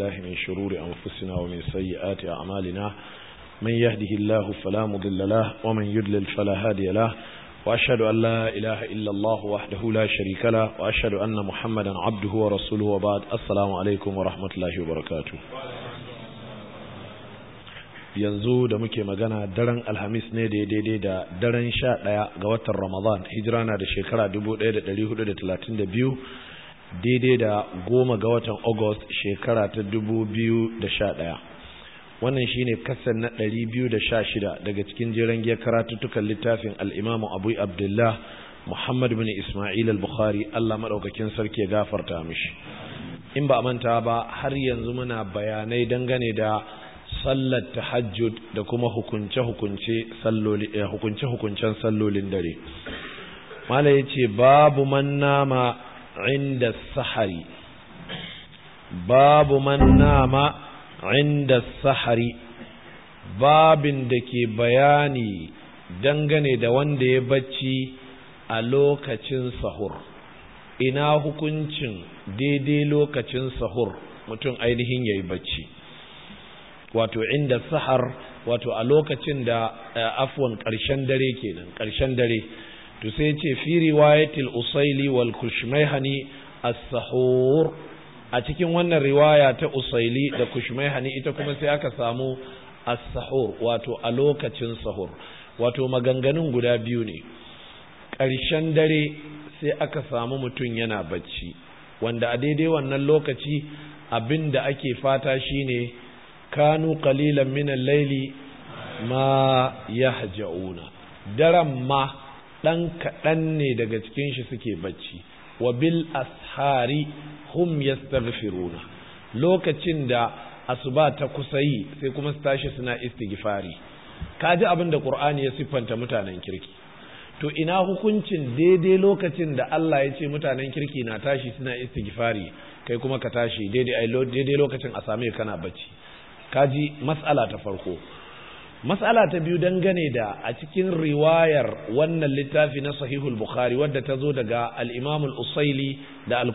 الله من شرور أنفسنا ومن سيئات أعمالنا من يهده الله فلا مضل له ومن يدلل فلا هادي له وأشهد أن لا إله إلا الله وحده لا شريك له وأشهد أن محمدا عبده ورسوله وبعد السلام عليكم ورحمة الله وبركاته yanzu da muke magana daren alhamis ne daidai da daren sha ɗaya ga watan ramadan hijira na da shekara 1432 daidai da goma ga watan august shekara ta 2011 wannan shi ne kasan na biyu da 216 daga cikin jiran giyar karatuttukan littafin al'imamu abu abdullah muhammad bin ismail al-bukhari allah maɗaukakin sarki ya gafarta mishi in ba a manta ba har yanzu muna bayanai dangane da sallar tahajjud da kuma hukunce-hukuncen eh, sallolin dare mala ya ce babu man nama inda sahari babu man nama inda sahari babin da ke bayani dangane da wanda ya bacci a lokacin sahur ina hukuncin daidai lokacin sahur mutum ainihin ya yi bacci wato inda sahar wato a lokacin da afwan ƙarshen dare kenan ƙarshen dare to sai ce fi riwayatil usaili wal kushmaihani as-sahur a cikin wannan riwaya ta usaili da kushmaihani ita kuma sai aka samu as-sahur wato a lokacin sahur wato maganganun guda biyu ne ƙarshen dare sai aka samu mutum yana bacci wanda a daidai wannan lokaci abinda ake fata shine kanu qalilan min al-laili ma yahja'una daren ma ɗan kaɗan ne daga cikin shi suke bacci wa bil ashari hum yastaghfiruna lokacin da asuba ta kusa yi sai kuma su tashi suna istighfari kaji abin da qur'ani ya siffanta mutanen kirki to ina hukuncin daidai lokacin da Allah ya ce mutanen kirki na tashi suna istighfari kai kuma ka tashi daidai lokacin a same kana bacci kaji mas'ala ta farko mas'ala ta biyu dangane da a cikin riwayar wannan littafi na sahihul bukhari wadda ta zo daga al-imam usaili da al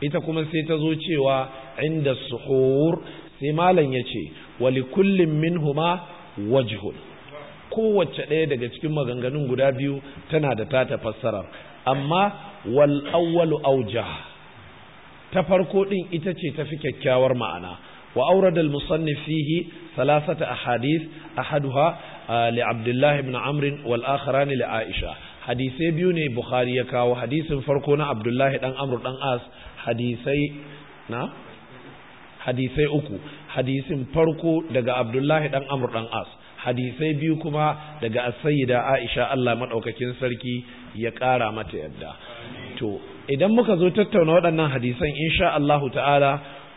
ita kuma sai ta zo cewa inda suhur sai malam yace kullum min huma wajihun, kowace ɗaya daga cikin maganganun guda biyu tana da tata fassarar amma wal awwalu ta farko ɗin ita ce tafi kyakkyawar ma'ana وأورد المصنف فيه ثلاثة أحاديث أحدها لعبد الله بن عمرو والآخران لعائشة hadisai biyu ne Bukhari ya kawo hadisin farko na Abdullahi dan Amr As hadisai na hadisai uku hadisin farko daga Abdullahi dan Amr dan As hadisai biyu kuma daga Sayyida Aisha Allah madaukakin sarki ya ƙara mata yadda to idan muka zo tattauna waɗannan hadisan insha Allah ta'ala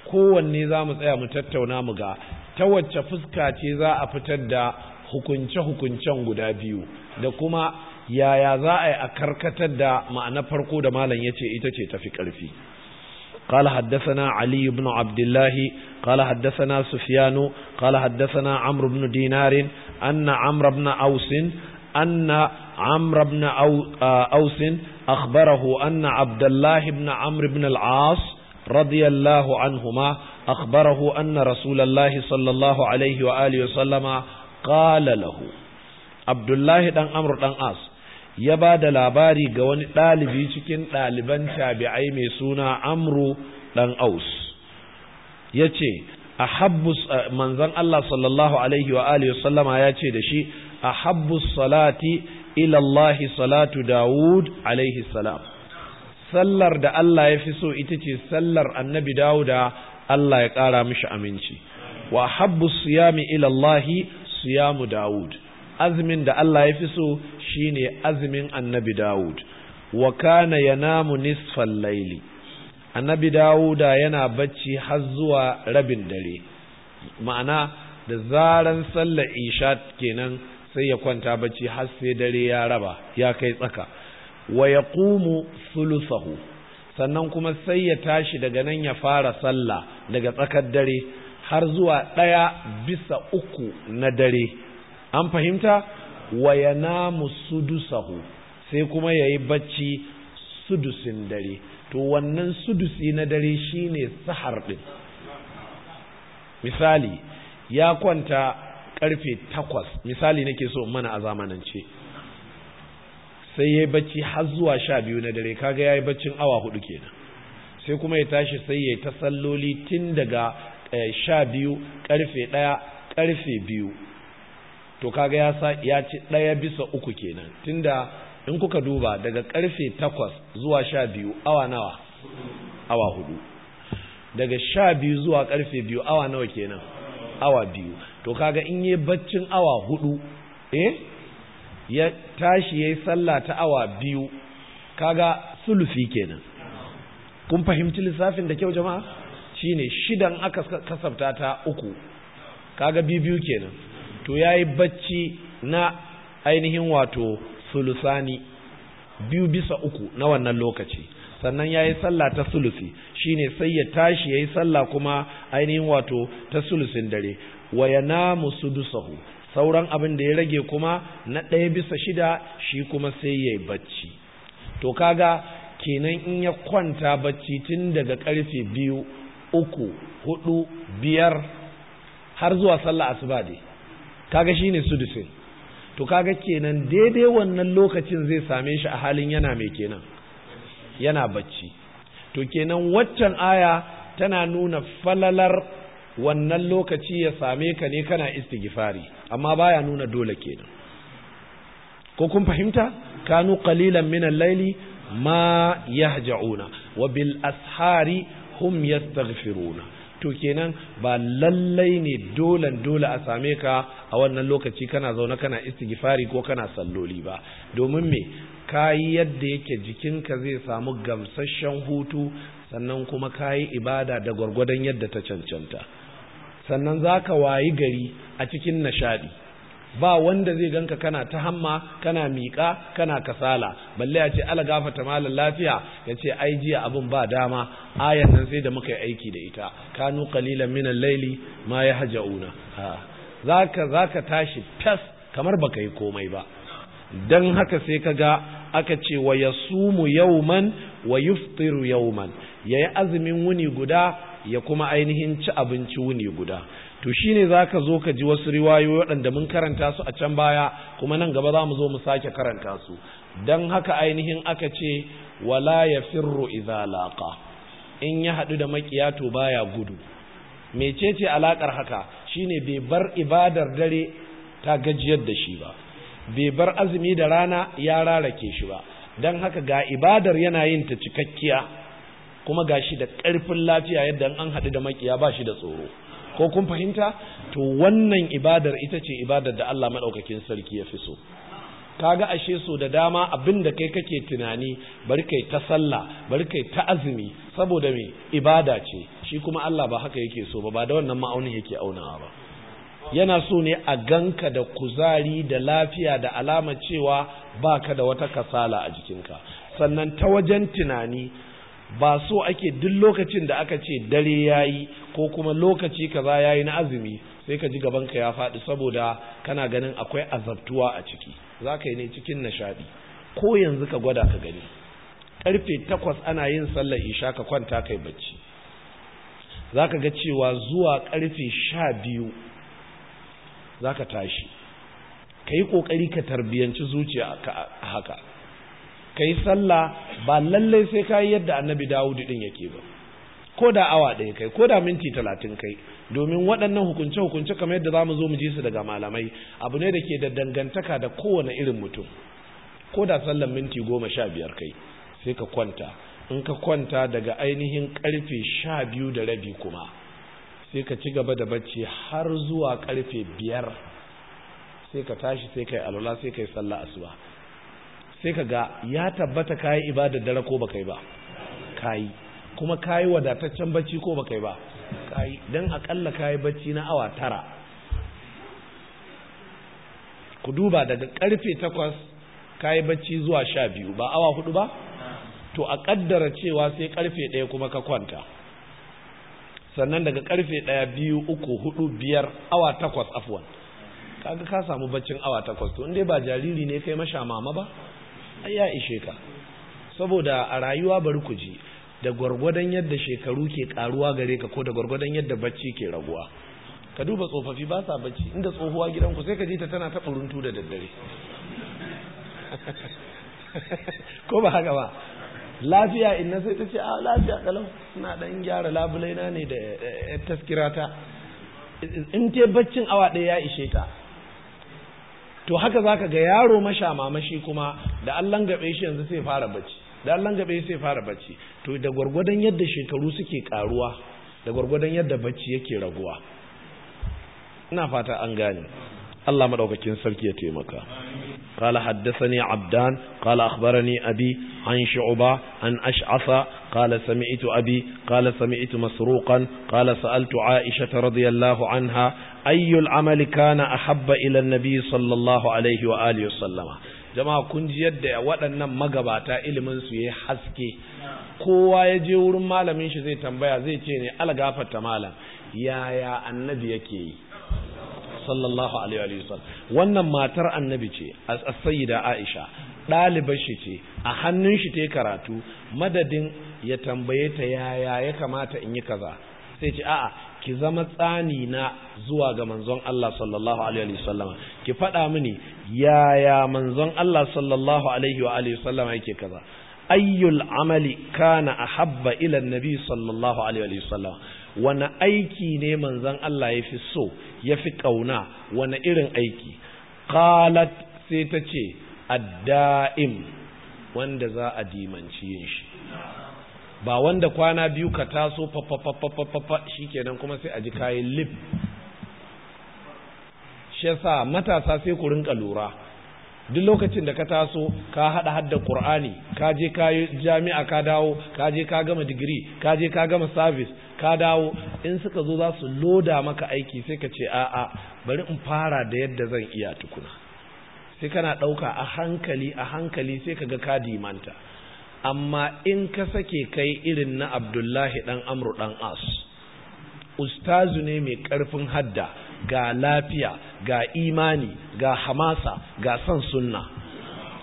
kowanne za mu tsaya mu tattauna mu ga ta wacce fuska ce za a fitar da hukunce-hukuncen guda biyu da kuma yaya za a yi a karkatar da ma'ana farko da malam ya ce ita ce tafi ƙarfi قال حدثنا علي بن عبد الله قال حدثنا سفيان قال حدثنا عمرو بن دينار أن عمرو بن أوس أن عمرو بن أوس أخبره أن عبد الله بن عمرو بن العاص رضي anhuma عنهما أخبره أن رسول الله صلى الله عليه وآله وسلم قال له عبد الله دان ya ba da labari ga wani ɗalibi cikin ɗaliban tabi'ai mai suna amru ɗan aus ya ce a habbus manzan Allah sallallahu alaihi wa alihi sallama ya ce da shi a habbus salati ilallahi salatu dawud alaihi salam sallar da Allah ya fi so ita ce sallar annabi Dawuda Allah ya ƙara mishi aminci wa habbu siyami ila Allahi siyamu Dawud azumin da Allah ya fi so shine azumin annabi Dawud wa kana yanamu nisfal layli annabi Dawuda yana bacci har zuwa rabin dare ma'ana da zaran sallar isha kenan sai ya kwanta bacci har sai dare ya raba ya kai tsaka wa yaqumu sulusahu sannan kuma sai ya tashi daga nan ya fara sallah daga tsakar dare har zuwa ɗaya bisa uku na dare an fahimta wa namu sudusahu sai kuma ya yi bacci sudusin dare to wannan sudusi na dare shine sahar din misali ya kwanta karfe takwas misali nake so mana a zamanance sai ya yi bacci har zuwa sha biyu na dare kaga ya yi baccin awa hudu kenan sai kuma ya tashi sai ya yi ta salloli tun daga eh, sha biyu karfe ɗaya karfe biyu to kaga ya sa ya ci ɗaya bisa uku kenan tunda in kuka duba daga karfe takwas zuwa sha biyu awa nawa awa hudu daga sha biyu zuwa karfe biyu awa nawa kenan awa biyu to kaga in yi baccin awa hudu eh ya tashi yi sallah ta awa biyu kaga sulufi kenan kun fahimci lissafin da kyau jama'a shine shidan aka kasafta ta uku kaga biyu kenan to ya yi bacci na ainihin wato sulusani biyu bisa uku na wannan lokaci sannan ya yi sallah ta shi shine sai ya tashi ya yi sallah kuma ainihin wato ta sulusin dare wa ya namu sudusahu sauran abin da ya rage kuma na ɗaya bisa shida shi kuma sai ya yi bacci to kaga kenan in ya kwanta bacci tun daga karfe biyu uku hudu biyar har zuwa sallah asuba dai kaga shine sudusin to kaga kenan daidai wannan lokacin zai same shi a halin yana mai kenan yana bacci to kenan waccan aya tana nuna falalar wannan lokaci ya same ka ne kana istighfari amma baya nuna dole kenan ko kun fahimta kanu qalilan min al layli ma yahja'una wa bil ashari hum yastaghfiruna to kenan ba lallai ne dolan dole a same ka a wannan lokaci kana zauna kana istighfari ko kana salloli ba domin me kayi yadda yake jikinka zai samu gamsasshen hutu sannan kuma kayi ibada da gwargwadon yadda ta cancanta sannan za ka wayi gari a cikin nishadi ba wanda zai ganka kana ta hamma kana miƙa kana kasala balle ya ce ala gafata malam lafiya ya ce ai jiya abin ba dama ayan nan sai da muka yi aiki da ita kanu qalilan minal laili ma yahjauna zaka zaka tashi tas kamar baka yi komai ba dan haka sai ka ga aka ce wa yasumu yawman wa yuftiru yawman yayi azumin wuni guda ya kuma ainihin ci abinci wuni guda to shine zaka zo ka ji wasu riwayoyi waɗanda mun karanta su a can baya kuma nan gaba za mu zo mu sake karanta su dan haka ainihin aka ce wala yafirru idza laqa in ya haɗu da makiya to baya gudu mecece alakar haka shine bai bar ibadar dare ta gajiyar da shi ba bai bar azumi da rana ya rarake shi ba dan haka ga ibadar yana yin ta cikakkiya kuma gashi da ƙarfin lafiya yadda an haɗu da makiya ba shi da tsoro ko kun fahimta to wannan ibadar ita ce ibadar da Allah maɗaukakin sarki ya fi so kaga ashe so da dama abin da kai kake tunani bari kai ta sallah bari kai ta azumi saboda me ibada ce shi kuma Allah ba haka yake so ba ba da wannan ma'aunin yake aunawa ba yana so ne a ganka da kuzari da lafiya da alama cewa baka da wata kasala a jikinka sannan ta wajen tunani ba so ake duk lokacin da aka ce dare ya yi ko kuma lokaci kaza yi na azumi sai ka ji gabanka ya faɗi saboda kana ganin akwai azabtuwa a ciki za ka yi ne cikin nishaɗi ko yanzu ka gwada ka gani Ƙarfe takwas ana yin sallar isha ka kwanta kai bacci za ka ga cewa zuwa ƙarfe sha biyu za ka tashi ka yi ƙoƙari ka tarbiyyanci zuciya haka ka sallah ba lallai sai ka yadda annabi dawudu din yake ba ko da awa ɗaya kai ko da minti talatin kai domin waɗannan hukunce hukunce kamar yadda za mu zo mu ji su daga malamai abu ne da ke da dangantaka da kowane irin mutum ko da sallan minti goma sha biyar kai sai ka kwanta in ka kwanta daga ainihin karfe sha biyu da rabi kuma sai ka ci gaba da bacci har zuwa karfe biyar sai ka tashi sai ka yi alwala sai ka sallah asuba sai ka ga ya tabbata kayi ibadar dare ko baka yi ba kayi kuma kayi wadataccen bacci ko baka yi ba kayi dan akalla kayi bacci na awa tara ku duba daga karfe takwas kayi bacci zuwa sha biyu ba awa hudu ba to a kaddara cewa sai karfe ɗaya kuma ka kwanta sannan daga karfe ɗaya biyu uku hudu biyar awa takwas afwan kaga ka samu baccin awa takwas to in dai ba jariri ne kai masha mama ba ya ishe ka saboda a rayuwa bari ku ji da gwargwadon yadda shekaru ke karuwa gare ka ko da gwargwadon yadda bacci ke raguwa ka duba tsofaffi ba sa bacci inda tsohuwa gidanku sai ka ji ta tana ta furuntu da daddare ko ba haka ba lafiya inna sai ta ce a ah, lafiya kalau na dan gyara labulaina ne da eh, eh, taskirata in ke baccin awa ɗaya ya ishe ta to haka zaka ga yaro masha mamashi kuma da Allah gabe shi yanzu sai fara bacci da Allah gabe sai fara bacci to da gwargwadon yadda shekaru suke karuwa da gwargwadon yadda bacci yake raguwa ina fata an gane Allah madaukakin sarki ya taimaka قال حدثني عبدان قال أخبرني أبي عن شعبة عن أشعص قال سمعت أبي قال سمعت مسروقا قال سألت عائشة رضي الله عنها أي العمل كان أحب إلى النبي صلى الله عليه وآله وسلم jama'a kun ji yadda waɗannan magabata ilimin su yayi haske kowa ya je wurin malamin shi zai tambaya zai ce ne algafa malam yaya annabi yake yi sallallahu alaihi wasallam wannan matar annabi ce as-sayyida Aisha ɗalibar shi ce a hannun shi ta karatu madadin ya tambaye ta yaya ya kamata in yi kaza sai ce a'a ki zama tsani na zuwa ga manzon Allah sallallahu alaihi wasallama ki faɗa mini yaya manzon Allah sallallahu alaihi wa alihi wasallama yake kaza ayyul amali kana ahabba ila nabi sallallahu alaihi wasallama wani aiki ne manzon Allah ya fi so ya fi ƙauna wani irin aiki qalat sai ta ce adda'im wanda za a dimanci yin shi ba wanda kwana biyu ka taso shi shikenan kuma sai a ji kayan lip shi matasa sai ku rinka lura duk lokacin da ka taso ka hada hada qur'ani ka je ka jami'a ka dawo ka je ka gama digiri ka je ka gama service ka dawo in suka zo za su loda maka aiki sai ka ce a'a bari in fara da yadda zan iya tukuna sai kana ɗauka a hankali a hankali sai ka ga ka dimanta amma in ka sake kai irin na abdullahi ɗan amru ɗan as ustazu ne mai ƙarfin hadda ga lafiya ga imani ga hamasa ga son sunna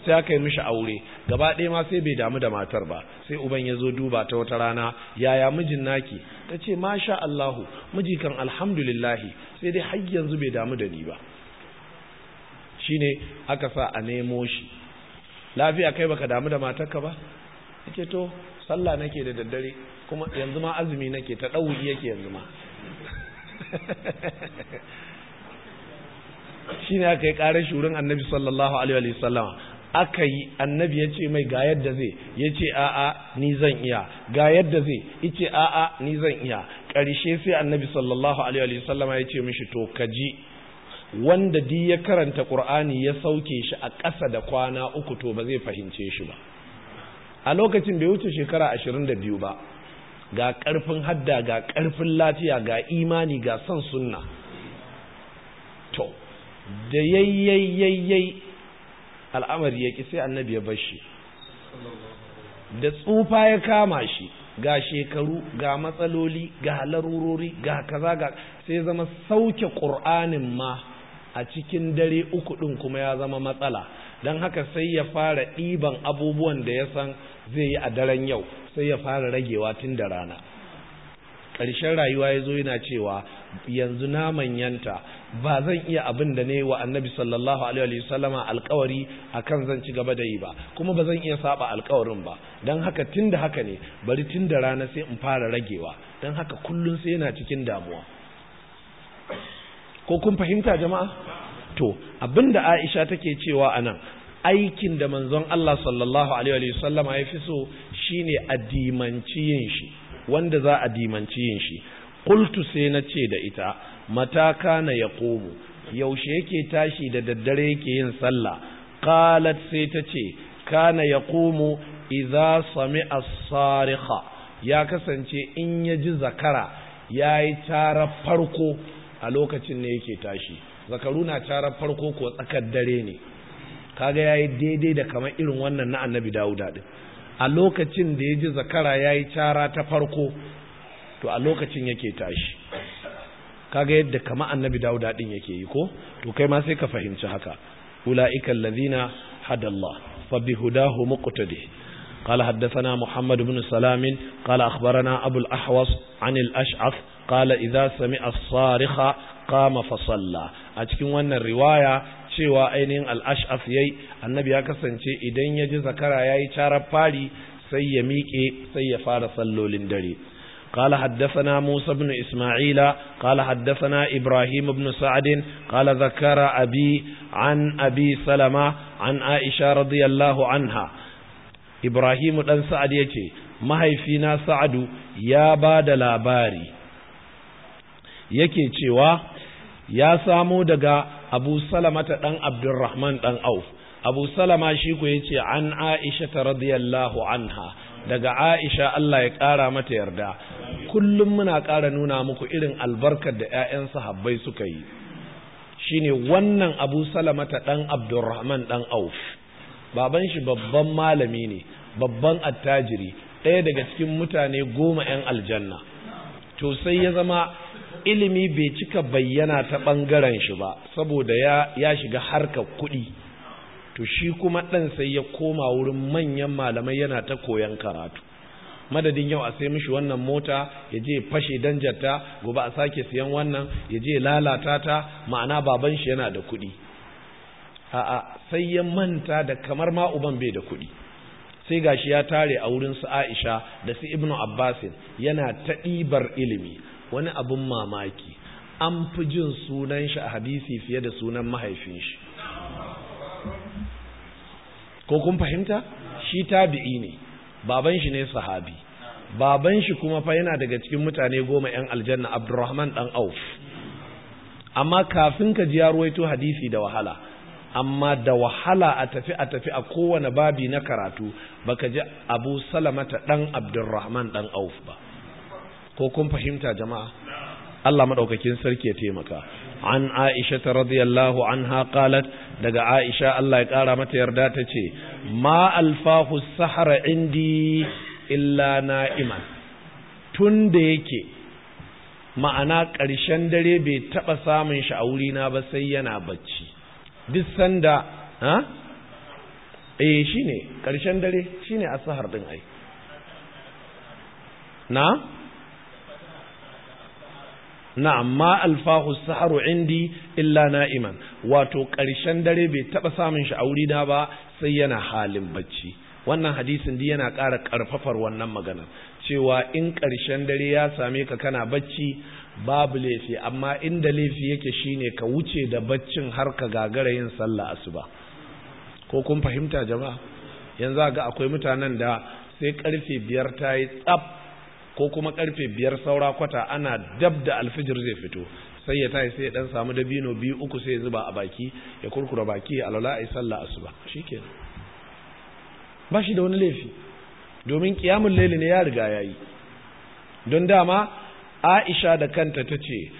sai aka yi mishi aure gaba ɗaya ma sai bai damu da matar ba sai uban ya zo duba ta wata rana yaya mijin naki ta ce masha Allahu miji kan alhamdulillahi sai dai har yanzu bai damu da ni ba shine aka sa a nemo shi lafiya kai baka damu da matarka ba yake to sallah nake da daddare kuma yanzu ma azumi nake ta ɗauki yake yanzu ma shi ne aka yi ƙarar shurin annabi sallallahu alaihi wasallama aka yi annabi ya ce mai ga yadda zai ya ce a'a ni zan iya ga yadda zai ya ce a'a ni zan iya ƙarshe sai annabi sallallahu alaihi wasallama ya ce mishi to kaji wanda di ya karanta ƙur'ani ya sauke shi a ƙasa da kwana uku to ba zai fahimce shi ba a lokacin bai wuce shekara ashirin da biyu ba ga ƙarfin hadda ga ƙarfin lafiya ga imani ga son sunna to da yayyayayyai al'amari ya ƙi sai annabi ya bar shi da tsufa ya kama shi ga shekaru ga matsaloli ga larurori ga kaza ga sai zama sauke ƙur'anin ma a cikin dare uku ɗin kuma ya zama matsala don haka sai ya fara ɗiban abubuwan da ya san zai yi a daren yau sai ya fara ragewa tun da rana ƙarshen rayuwa ya zo yana cewa yanzu na manyanta ba zan iya abin da ne wa annabi sallallahu alaihi wasallama alƙawari akan zan ci gaba da yi ba kuma ba zan iya saba alƙawarin ba don haka tun da haka ne bari tun da rana sai in fara ragewa don haka kullum sai yana cikin damuwa ko kun fahimta jama'a to abinda aisha take cewa anan aikin da manzon Allah sallallahu alaihi wasallama ya fi so shine addimanci yin shi wanda za a dimanci yin shi Kultu sai na ce da ita mataka na yaqumu yaushe yake tashi da daddare yake yin sallah qalat sai ta ce kana yaqumu idza sami'a as-sarikha ya kasance in ya ji zakara yayi tara farko a lokacin ne yake tashi zakaru na tara farko ko tsakar dare ne kaga yayi daidai da kamar irin wannan na annabi Dawuda din a lokacin da ya ji zakara ya yi cara ta farko to a lokacin yake tashi kaga yadda kama annabi dawo daɗin yake yi ko to kai ma sai ka fahimci haka ula'ikan lazina hadallah fa bihudahu muqtadi قال حدثنا محمد بن سلام قال أخبرنا أبو الأحوص عن الأشعث قال إذا سمع الصارخ قام فصلى أتكلم أن الرواية cewa ainihin al'ash'af ya yi annabi ya kasance idan ya ji zakara ya yi carar fari sai ya miƙe sai ya fara sallolin dare قال حدثنا موسى بن إسماعيل قال حدثنا إبراهيم بن سعد قال ذكر أبي عن أبي سلمة عن آئشة رضي الله عنها إبراهيم بن سعد يتي ما هي فينا سعد يا باد لاباري yake cewa يا سامو daga abu salamata ɗan abdurrahman ɗan auf abu salama shi ku ce an aisha ta radiyallahu anha daga aisha Allah ya ƙara mata yarda kullum muna ƙara nuna muku irin albarkar da 'ya'yan sahabbai suka yi shine wannan abu salamata ɗan abdurrahman ɗan auf baban shi babban malami ne babban attajiri ɗaya daga cikin mutane goma 'yan aljanna to sai ya zama ilimi bai cika bayyana ta ɓangaren shi ba saboda ya, shiga harkar kuɗi to shi kuma ɗan sai ya koma wurin manyan malamai yana ta koyon karatu madadin yau a sai mishi wannan mota ya je fashe danjarta gobe a sake siyan wannan ya je lalata ta ma'ana baban shi yana da kuɗi a'a sai ya manta da kamar ma uban bai da kuɗi sai gashi ya tare a wurin su Aisha da su Ibn Abbasin yana ta ɗibar ilimi wani abun mamaki an fi jin sunan shi a hadisi fiye da sunan mahaifin shi ko kun fahimta shi tabi'i ne baban shi ne sahabi baban shi kuma fa yana daga cikin mutane goma 'yan aljanna abdurrahman dan auf amma kafin ka ji yaro hadisi da wahala amma da wahala a tafi a tafi a kowane babi na karatu baka ji abu salamata dan abdurrahman dan auf ba ko kun fahimta jama'a Allah madaukakin sarki ya taimaka an Aisha ta radiyallahu anha qalat daga Aisha Allah ya kara mata yarda tace ce ma alfahu sahara indi illa na'iman tun da yake ma'ana ƙarshen dare bai taba samun shi a wuri na ba sai yana bacci duk sanda ha eh shine ƙarshen dare shine asahar din ai na na'am ma alfahu saharu indi illa na'iman wato ƙarshen dare bai taɓa samun shi a wuri da ba sai yana halin bacci wannan hadisin din yana ƙara ƙarfafar wannan magana cewa in ƙarshen dare ya same ka kana bacci babu laifi amma inda laifi yake shine ka wuce da baccin har ka gagara yin sallah asuba ko kun fahimta jama'a yanzu ga akwai mutanen da sai karfe biyar ta yi tsaf ko kuma karfe biyar saura kwata ana dab da alfijir zai fito sai ya tayi sai ya dan samu dabino biyu uku sai ya zuba a baki ya kurkura baki ya alwala sallah asuba shikenan ba shi da wani laifi domin kiyamul laili ne ya riga yayi don dama Aisha da kanta tace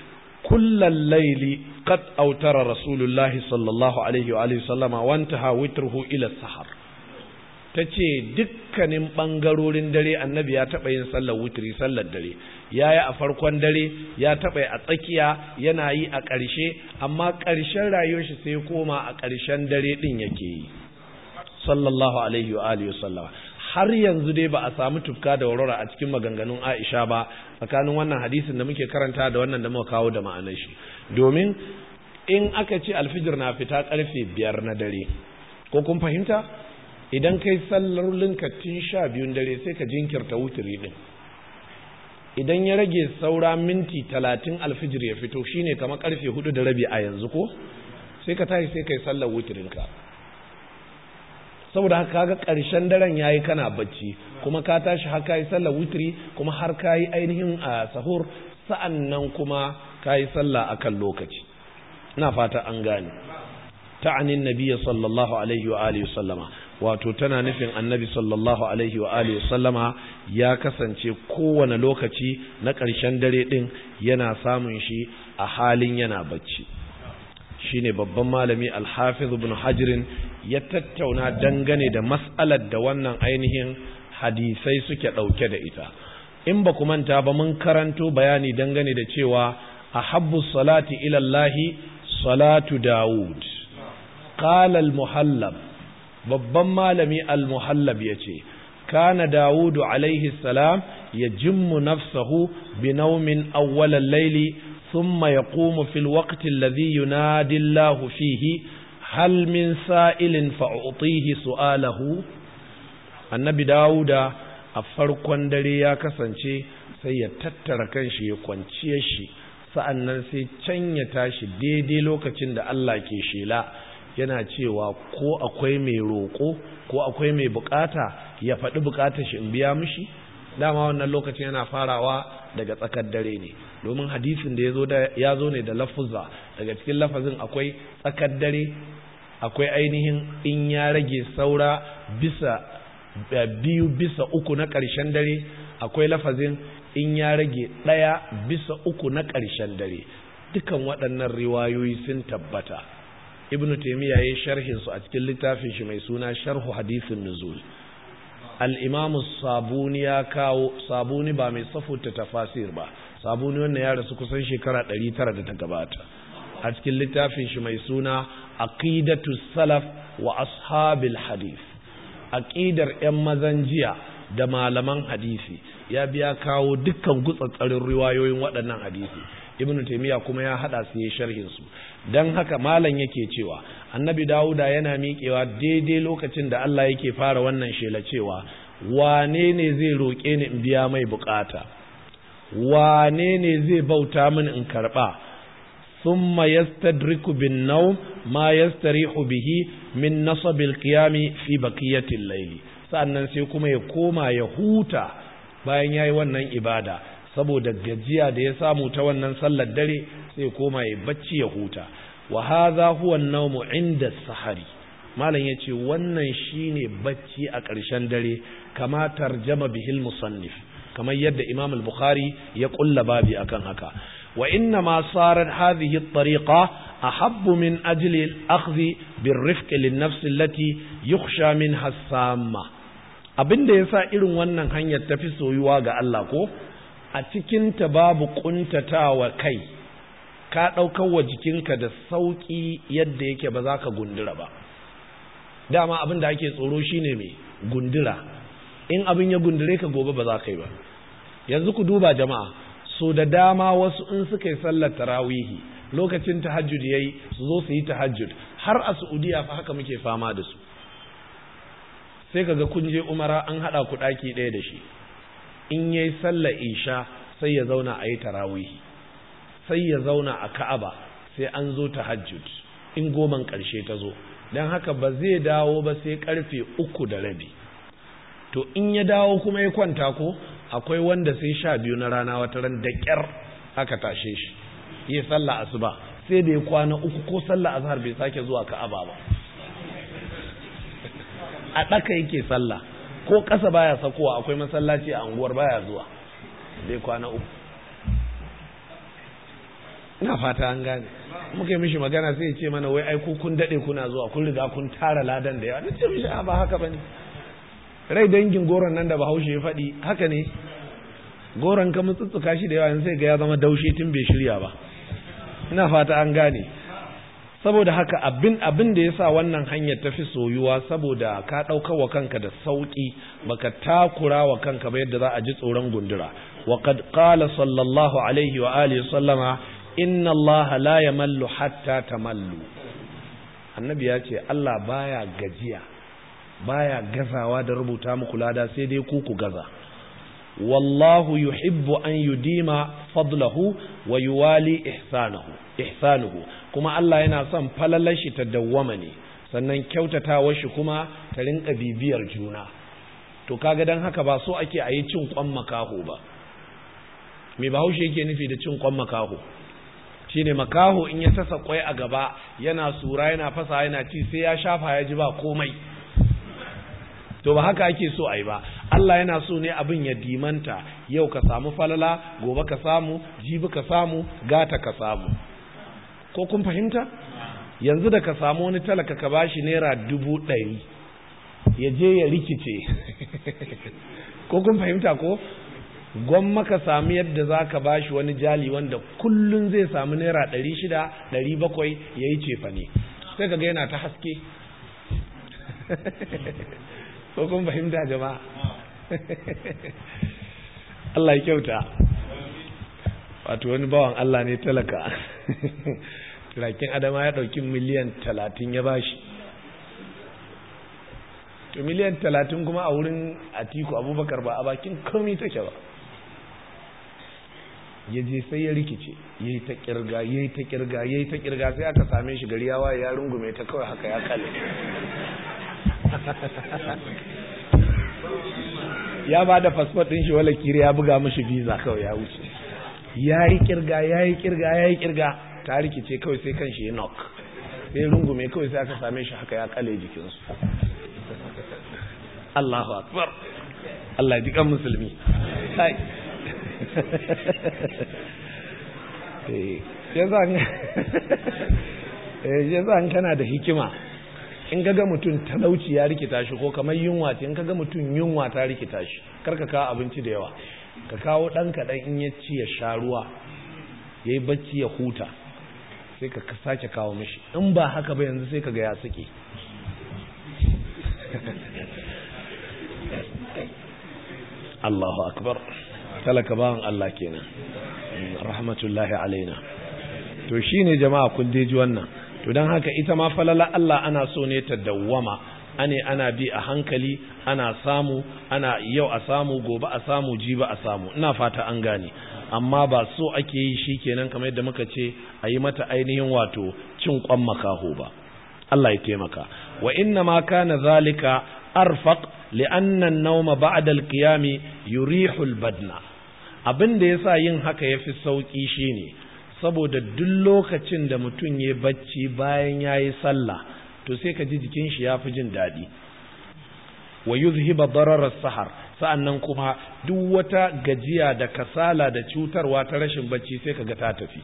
kullal laili qad autara rasulullahi sallallahu alaihi wa alihi sallama wantaha witruhu ila sahar ta ce dukkanin ɓangarorin dare annabi ya taɓa yin sallar wuturi sallar dare ya yi a farkon dare ya taɓa a tsakiya yana yi a ƙarshe amma ƙarshen rayuwar shi sai koma a ƙarshen dare ɗin yake yi sallallahu alaihi wa alihi sallama har yanzu dai ba a samu tufka da warwara a cikin maganganun Aisha ba tsakanin wannan hadisin da muke karanta da wannan da muka kawo da ma'anar shi domin in aka ce alfijir na fita karfe biyar na dare ko kun fahimta idan kai linka tun sha biyun dare sai ka jinkirta wuturi ɗin. idan ya rage saura minti talatin alfijir ya fito shine kama karfe hudu da rabi a yanzu ko sai ka tashi sai kai sallar wuturinka saboda haka kaga ƙarshen daren ya yi kana bacci kuma ka tashi haka, kayi sallar wuturi kuma har ka yi ainihin a sahur nan kuma ka yi kayi a kan lokaci ina fata an gane ta'anin nabiya sallallahu alaihi wa alihi sallama wato tana nufin annabi sallallahu alaihi wa alihi sallama ya kasance kowane lokaci na ƙarshen dare ɗin yana samun shi a halin yana bacci shine babban malami alhafiz ibn hajirin ya tattauna dangane da mas'alar da wannan ainihin hadisai suke ɗauke da ita in ba ku manta ba mun karanto bayani dangane da cewa a habbu salati ilallahi salatu dawud qala al-muhallab babban malami al-muhallab yace kana dawudu alaihi salam yajimmu nafsahu bi nawmin awwal al-layli thumma yaqumu fi al-waqt alladhi yunadi Allah fihi hal min sa'ilin su su'alahu annabi dawuda a farkon dare ya kasance sai ya tattara kanshi ya kwanciye shi sa'annan sai can ya tashi daidai lokacin da Allah ke shela yana cewa ko akwai mai roƙo ko akwai mai bukata ya faɗi bukatar shi in biya mishi dama wannan lokacin yana farawa daga tsakar dare ne domin hadisin da ya zo ne da lafuzza daga cikin lafazin akwai tsakar dare akwai ainihin in ya rage saura bisa eh, biyu bisa uku na ƙarshen dare akwai lafazin in ya rage ɗaya bisa uku na ƙarshen dare dukan waɗannan riwayoyi sun tabbata ibn taymiya yayin sharhin su a cikin littafin shi mai suna sharhu hadithin nuzul al-imam sabuni ya kawo sabuni ba mai safuta tafasir ba sabuni wannan ya rasu kusan shekara 900 da ta gabata a cikin littafin shi mai suna aqidatu salaf wa ashabil hadith aqidar yan mazan jiya da malaman hadisi ya biya kawo dukkan gutsatsarin riwayoyin waɗannan hadisi ibnu taymiya kuma ya hada su yayin sharhin su don haka malam yake cewa annabi Da'uda yana miƙewa daidai lokacin da Allah yake fara wannan shela cewa wane ne zai roƙe ni in biya mai bukata wane ne zai bauta min in karɓa ثم يستدرك بالنوم ما يستريح به من نصب القيام في sannan sai kuma ya koma ya huta bayan yayi wannan ibada saboda gajiya da ya samu ta wannan sallar dare sai koma ya bacci ya huta wa hadha huwa an-nawmu 'inda sahari malam yace wannan shine bacci a ƙarshen dare kama tarjama bihil musannif kamar yadda Imam al-Bukhari ya kulla babi akan haka wa inna ma sarat hadhihi at-tariqa ahabbu min ajli al-akhdh bir-rifq lin-nafs allati yukhsha minha as-samma abinda yasa irin wannan hanyar tafi soyuwa ga Allah ko a cikin ta babu kuntatawa kai ka ɗaukar wa jikinka da sauƙi yadda yake ba za ka gundura ba dama abin da ake tsoro shi ne mai gundura in abin ya gundure ka gobe ba za ka yi ba yanzu ku duba jama'a so da dama wasu in suka yi sallar tarawihi lokacin tahajjud yi su zo su yi tahajjud har a su'udiya fa haka muke fama da su sai ka ga kunje umara an haɗa ku daki ɗaya da shi in ya yi sallar isha sai ya zauna a yi tarawihi sai ya zauna a ka'aba sai an zo ta hajjud in goman ƙarshe ta zo don haka ba zai dawo ba sai karfe uku da rabi to in ya dawo kuma ya kwanta ko akwai wanda sai sha biyu na rana wata ran da ƙyar aka tashe shi ya salla asuba sai da ya kwana uku ko salla azhar bai sake zuwa ka'aba ba a ɗaka yake sallah ko ƙasa baya sakowa akwai masallaci a unguwar baya zuwa bai kwana uku ina fata an gane muka yi mishi magana sai ce mana wai ai kun dade kuna zuwa kun riga kun tara ladan da yawa na ce mishi ba haka bane rai dangin goron nan da bahaushe ya faɗi haka ne goron ka mutsutsuka shi da yawa sai ga ya zama daushe tun bai shirya ba ina fata an gane saboda haka abin abin da yasa wannan hanyar fi soyuwa saboda ka ɗauka wa kanka da sauƙi baka takura wa kanka ba yadda za a ji tsoron gundura wa qad qala sallallahu alaihi wa alihi sallama inna Allah la yamallu hatta tamallu annabi ya ce Allah baya gajiya baya gazawa da rubuta muku lada sai dai ku ku gaza wallahu yuhibbu an yudima fadlahu wa yuwali ihsanahu ihsanuhu kuma Allah yana son falalar shi ta dawwama ne sannan kyautatawar shi kuma ta rinka bibiyar juna to kaga dan haka ba so ake ayi cin kwan makaho ba me bahaushe yake nufi da cin kwan makaho shine makaho in ya sasa kwai a gaba yana sura yana fasa yana ci sai ya shafa ya ji ba komai to ba haka ake so a ba Allah yana so ne abin ya dimanta yau ka samu falala gobe ka samu jibi ka samu gata ka samu ko kun fahimta yanzu da ka samu wani talaka ka bashi naira dubu ɗari ya je ya rikice ko kun fahimta ko gwamma ka sami yadda za ka ba shi wani jali wanda kullum zai sami naira ɗari shida ɗari bakwai ya yi cefane sai ka gaina yana ta haske ko kun fahimta jama'a Allah ya kyauta wato wani bawan Allah ne talaka turakin adama ya ɗauki miliyan talatin ya bashi to miliyan talatin kuma a wurin atiku abubakar ba a bakin komi take ba ya je sai ya rikice ya yi ta kirga ya yi ta kirga ya yi ta kirga sai aka same shi gari yawa ya rungume ta kawai haka ya kalli ya ba da fasfot shi wala kiri ya buga mashi visa kawai ya wuce ya yi kirga ya yi kirga ya yi kirga ta rikice kawai sai kan shi ya nok sai rungume kawai sai aka same shi haka ya kale jikinsu Allahu akbar Allah ji kan musulmi Eh, ya za eh, da hikima in kaga mutum talauci ya rikita shi ko kamar yunwa ce in kaga mutum yunwa ta rikita shi karka ka abinci da yawa ka kawo ɗan kaɗan in ya ci ya sha ruwa ya yi bacci ya huta sai ka sake kawo mishi in ba haka ba yanzu sai ka ga ya suke Allahu akbar talaka bawan Allah kenan rahmatullahi alaina to shine jama'a kun ji wannan to dan haka ita ma falala Allah ana so ne ta dawwama ane ana bi a hankali ana samu ana yau a samu gobe a samu jiba a samu ina fata an gane amma ba so ake yi shi kenan kamar yadda muka ce a yi mata ainihin wato cin kwan makaho ba Allah ya taimaka wa inna ma kana zalika arfaq li'anna an-nawma ba'da al-qiyami yurihu al-badna abin da ya sa yin haka ya yafi sauki ne saboda duk lokacin da mutum ya bacci bayan yayi sallah to sai ka ji jikin shi yafi jin daɗi wa yuzhiba dararar sahar sa'annan kuma duk wata gajiya da kasala da cutarwa ta rashin bacci sai kaga ta tafi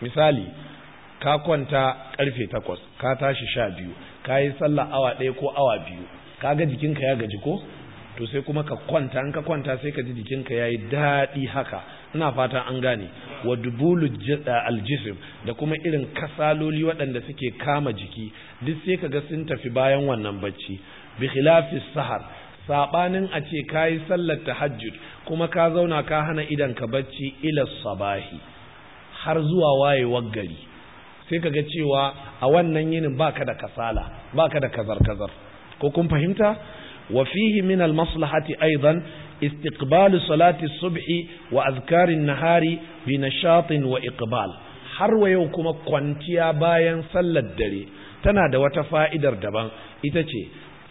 misali ka kwanta karfe takwas ka tashi sha biyu ka yi sallah awa ɗaya ko awa biyu ka ga jikinka ya gaji ko to sai kuma ka kwanta in ka kwanta sai ka ji jikinka yayi daɗi haka ina fata an gane wa dubulu aljism da kuma irin kasaloli waɗanda suke kama jiki duk sai ka ga sun tafi bayan wannan bacci bi khilafi sahar sabanin a ce kayi sallar tahajjud kuma ka zauna ka hana idan ka bacci ila sabahi har zuwa wayewar gari sai ka ga cewa a wannan yinin baka da kasala baka da kazar kazar ko kun fahimta Wafihi fihi min al maslahati aizan. Istikbalu salati subhi wa azkarin nahari bi wa iqbal har wa yau kuma kwanciya bayan sallar dare tana da wata fa'idar daban ita ce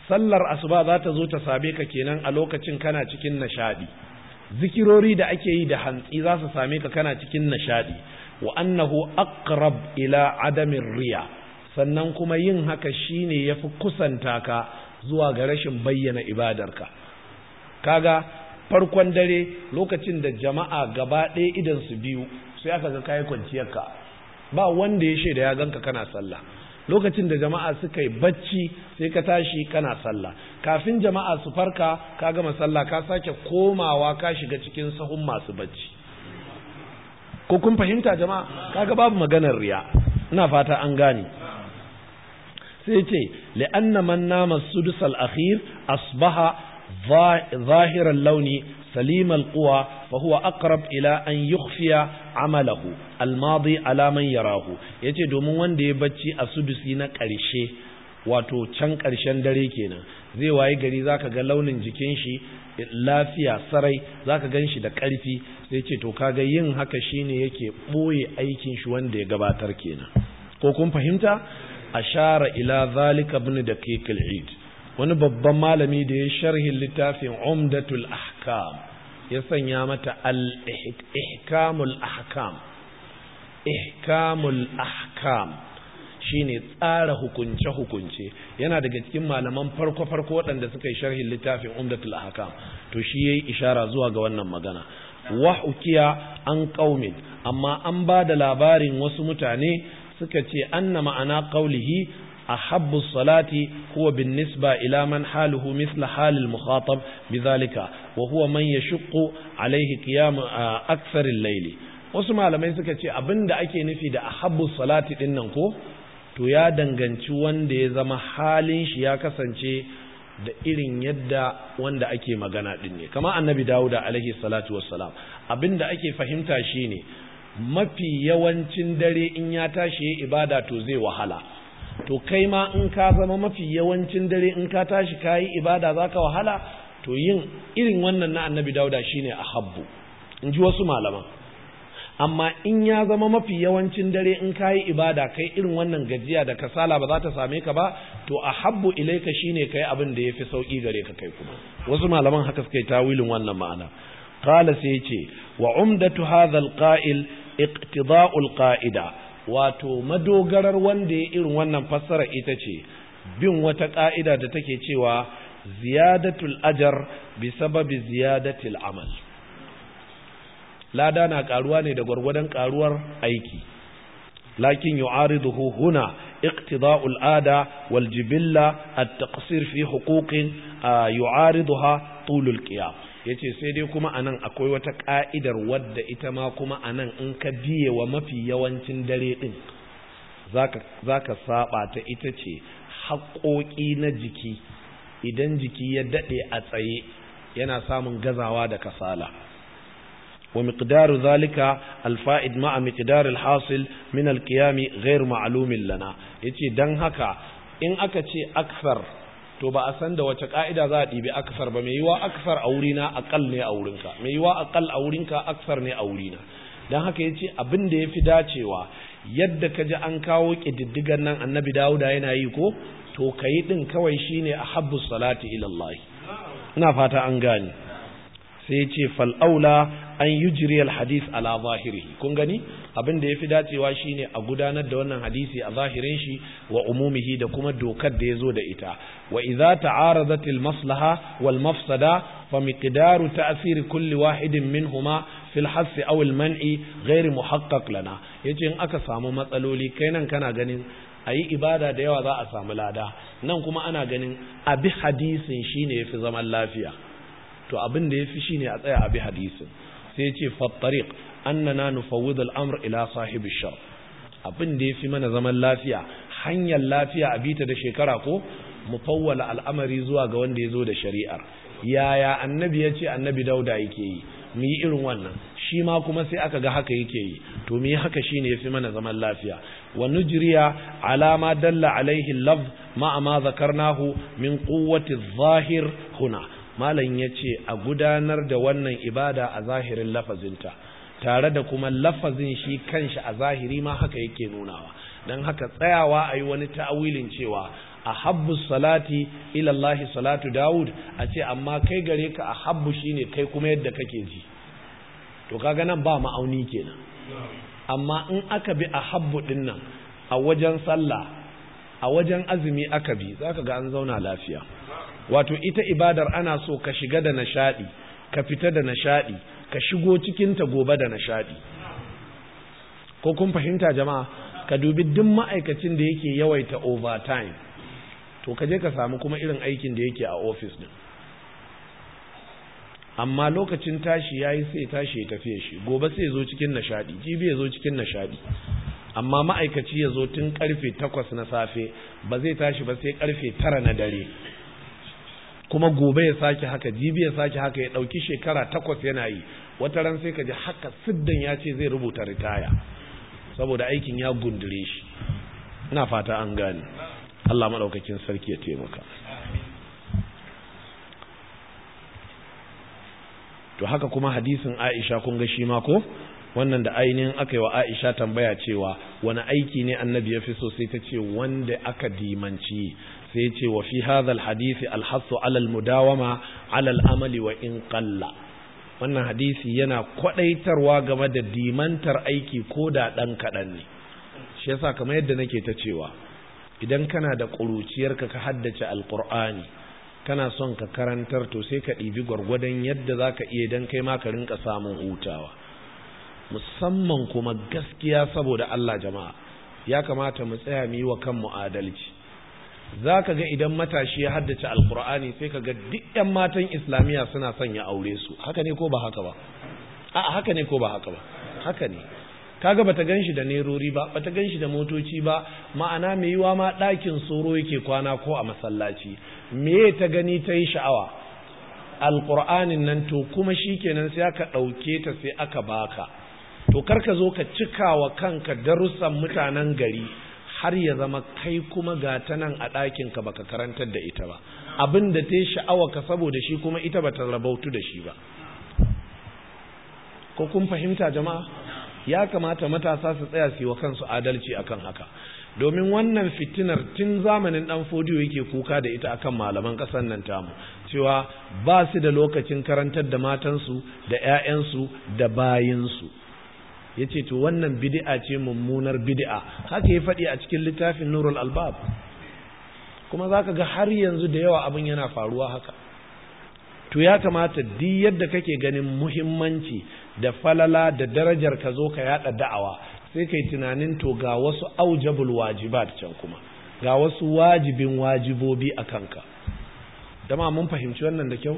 sallar asuba za ta zo ta same ka kenan a lokacin kana cikin nishadi zikirori da ake yi da hantsi za su same ka kana cikin nishaɗi? wa annahu aqrab ila adamin riya sannan kuma yin haka shine fi kusanta ka zuwa ga rashin bayyana ibadarka kaga farkon dare lokacin da jama'a gaba ɗaya idan su biyu sai aka ga kayi kwanciyarka ba wanda ya shaida ya ganka kana sallah lokacin da jama'a suka yi bacci sai ka tashi kana sallah kafin jama'a su farka ka gama sallah ka sake komawa ka shiga cikin sahun masu bacci ko kun fahimta jama'a kaga babu maganar riya ina fata an gane sai ce li'anna man nama sudus al-akhir asbaha zahiran launi Salimal Kuwa, فهو aqrab ila an يخفي Amalahu, الماضي ala man yarahu yace domin wanda ya bacci a sudusi na ƙarshe wato can ƙarshen dare kenan zai waye gari zaka ga launin jikin shi lafiya sarai zaka gan shi da ƙarfi sai ce to kaga yin haka shine yake ɓoye aikin shi wanda ya gabatar kenan ko kun fahimta ashara ila zalika ibn daqiq al-eid wani babban malami da ya sharhi littafin umdatul ahkam ya sanya mata al-ihkamul ahkam ihkamul ahkam shine tsara hukunce hukunce yana daga cikin malaman farko farko waɗanda suka yi sharhin littafin umdatul ahkam to shi yayi ishara zuwa ga wannan magana wa hukiya an qaumin amma an ba da labarin wasu mutane suka ce anna ma'ana qawlihi أحب الصلاة هو ila إلى من حاله مثل حال المخاطب man ya من يشق عليه a aksarin الليل wasu malamai suka ce abin da ake nufi da ahabbu salati din nan ko to ya danganci wanda ya zama halin shi ya kasance da irin yadda wanda ake magana din ne kama annabi dawuda alaihi salatu wassalam abin da ake fahimta shine mafi yawancin dare in ya tashi ya ibada to zai wahala to kai ma in ka zama mafi yawancin dare in ka tashi ka yi ibada za ka wahala to yin irin wannan na annabi dauda shine a habbu in ji wasu malaman amma in ya zama mafi yawancin dare in ka yi ibada kai irin wannan gajiya da kasala ba za ta same ka ba to a habbu ilaika shine kai abin da ya fi sauƙi gare ka kai kuma wasu malaman haka suke tawilin wannan ma'ana qala sai ce wa umdatu hadha alqa'il iqtida'ul qa'ida wato madogarar wanda ya irin wannan fassara ita ce bin wata ka'ida da take cewa ziyadatul ajar bi sababi ziyadatil amal lada na karuwa ne da gwargwadon karuwar aiki lakin yu'ariduhu huna iqtida'ul ada wal jibilla at-taqsir fi huquqin yu'ariduha tulul qiyam yace sai dai kuma anan akwai wata ka'idar wadda ita ma kuma anan in ka biye wa mafi yawancin dare ɗin zaka ka saba ta ita ce haƙoƙi na jiki idan jiki ya daɗe a tsaye yana samun gazawa da kasala wa miqdaru zalika alfa'id ma'a miqdar alhasil min alqiyam ghayr ma'lumin lana yace dan haka in aka ce akthar to ba a san da wace ka'ida za a ɗibi aksar ba mai yiwa aksar a wurina akal ne a wurinka mai yiwa akal a wurinka aksar ne a wurina don haka ya ce abin da ya fi dacewa yadda ka ji an kawo ƙididdigan nan annabi dawuda yana yi ko to ka yi ɗin kawai shi ne a habbu salati ilallahi ina fata an gane sai ya ce fal'aula an yi jiriyar hadis ala zahiri kun gani abin da yafi dacewa shine a gudanar da wannan hadisi a zahirin shi wa umumihi da kuma dokar da ya zo da ita wa idza ta'aradatil maslaha wal mafsada fa miqdaru ta'sir kulli wahidin minhuma fil hass aw al man'i ghayr muhaqqaq lana yace in aka samu matsaloli kai nan kana ganin a yi ibada da yawa za a samu lada nan kuma ana ganin abi hadisin shine yafi zaman lafiya to abin da yafi shine a tsaya abi hadisin sai ya ce fattariq annana nufawwid al-amr ila sahibu shar abin da yafi mana zaman lafiya hanyar lafiya a bita da shekara ko mu fawwala al'amari zuwa ga wanda ya zo da shari'ar yaya annabi ya ce annabi dauda yake yi mu yi irin wannan shi ma kuma sai aka ga haka yake yi to mu yi haka shine yafi mana zaman lafiya wa nujriya ala ma dalla alaihi lafz ma ma zakarnahu min quwwati zahir huna malam yace a gudanar da wannan ibada a zahirin lafazinta tare da kuma lafazin shi kanshi a zahiri ma haka yake nunawa don haka tsayawa a yi wani ta'awilin cewa a habbu salati ilallahi salatu dawud a ce amma kai gare ka a habbu shi ne kai kuma yadda kake ji to kaga nan ba ma'auni kenan amma in aka bi a habbu din nan a wajen sallah a wajen azumi aka bi za ka ga an zauna lafiya wato ita ibadar ana so ka shiga da nishadi ka fita da nishadi ka shigo cikinta gobe da nishadi ko kun fahimta jama'a ka dubi duk ma'aikacin da yake yawaita overtime to ka je ka samu kuma irin aikin da yake a ofis din amma lokacin tashi yayi sai tashi ya tafi shi gobe sai ya zo cikin nishadi jibi ya zo cikin nishadi amma ma'aikaci ya zo tun karfe takwas na safe ba zai tashi ba sai karfe tara na dare kuma gobe ya sake haka jibi ya sake haka ya ɗauki shekara takwas yana yi wata ran sai ka ji haka siddan ya ce zai rubuta ritaya saboda aikin ya gundure shi ina fata an gane Allah maɗaukakin sarki ya taimaka to haka kuma hadisin Aisha kun ga shi ma ko wannan da ainihin aka yi wa Aisha tambaya cewa wani aiki ne annabi ya fi so sai ta ce wanda aka dimanci sai ce wa fi hadha hadisi alhasu alal mudawama alal amali wa in qalla wannan hadisi yana kwadaitarwa game da dimantar aiki ko da ɗan kaɗan ne shi yasa kamar yadda nake ta cewa idan kana da ƙuruciyarka ka haddace alƙur'ani kana son ka karantar to sai ka ɗibi gwargwadon yadda za ka iya don kai ma ka rinka samun hutawa musamman kuma gaskiya saboda Allah jama'a ya kamata mu tsaya mu yi wa kanmu adalci za ka ga idan matashi ya haddace alkur'ani sai ka ga duk 'yan matan islamiyya suna son ya aure su haka ne ko ba haka ba a haka ne ko ba haka ba haka ne kaga bata ganshi da nerori ba bata ganshi da motoci ba ma'ana mai yiwa ma ɗakin tsoro yake kwana ko a masallaci me ta gani ta yi sha'awa alkur'ani nan to kuma shi kenan sai aka ɗauke ta sai aka baka to kar ka zo ka cika wa kanka darussan mutanen gari har ya zama kai kuma ga ta nan a ɗakinka baka karantar da ita ba abin da ta yi sha'awaka saboda shi kuma ita ba ta rabautu da shi ba ko kun fahimta jama'a ya kamata matasa su tsaya su yi wa kansu adalci akan haka domin wannan fitinar tun zamanin dan fodiyo yake kuka da ita akan malaman ƙasar nan tamu cewa ba su da lokacin karantar da matansu da 'ya'yansu da bayinsu ya ce to wannan bidi'a ce mummunar bid'a haka ya faɗi a cikin littafin nurul albab kuma za ka ga har yanzu da yawa abin yana faruwa haka to ya kamata duk yadda kake ganin muhimmanci da falala da darajar ka zo ka yaɗa da'awa sai kai tunanin to ga wasu aujabul wajibat can kuma ga wasu wajibin wajibobi a kanka dama mun fahimci wannan da kyau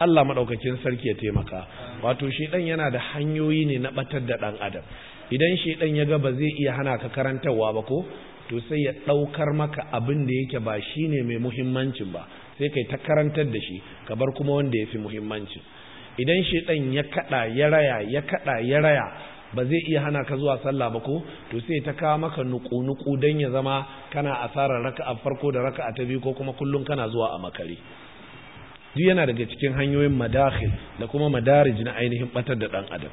Allah madaukakin sarki ya taimaka wato shedan yana da hanyoyi ne na batar da dan adam idan shedan ya ga ba zai iya hana ka karantarwa ba ko to sai ya daukar maka abin da yake ba shine mai muhimmancin ba sai kai ta karantar da shi ka bar kuma wanda yafi muhimmanci idan shedan ya kada ya raya ya kada ya raya ba zai iya hana ka zuwa sallah ba ko to sai ta kawo maka nuku-nuku don ya zama kana asarar raka'a farko da raka'a ta biyu ko kuma kullum kana zuwa a makare duk yana daga cikin hanyoyin madakhil da kuma madarij na ainihin batar da dan adam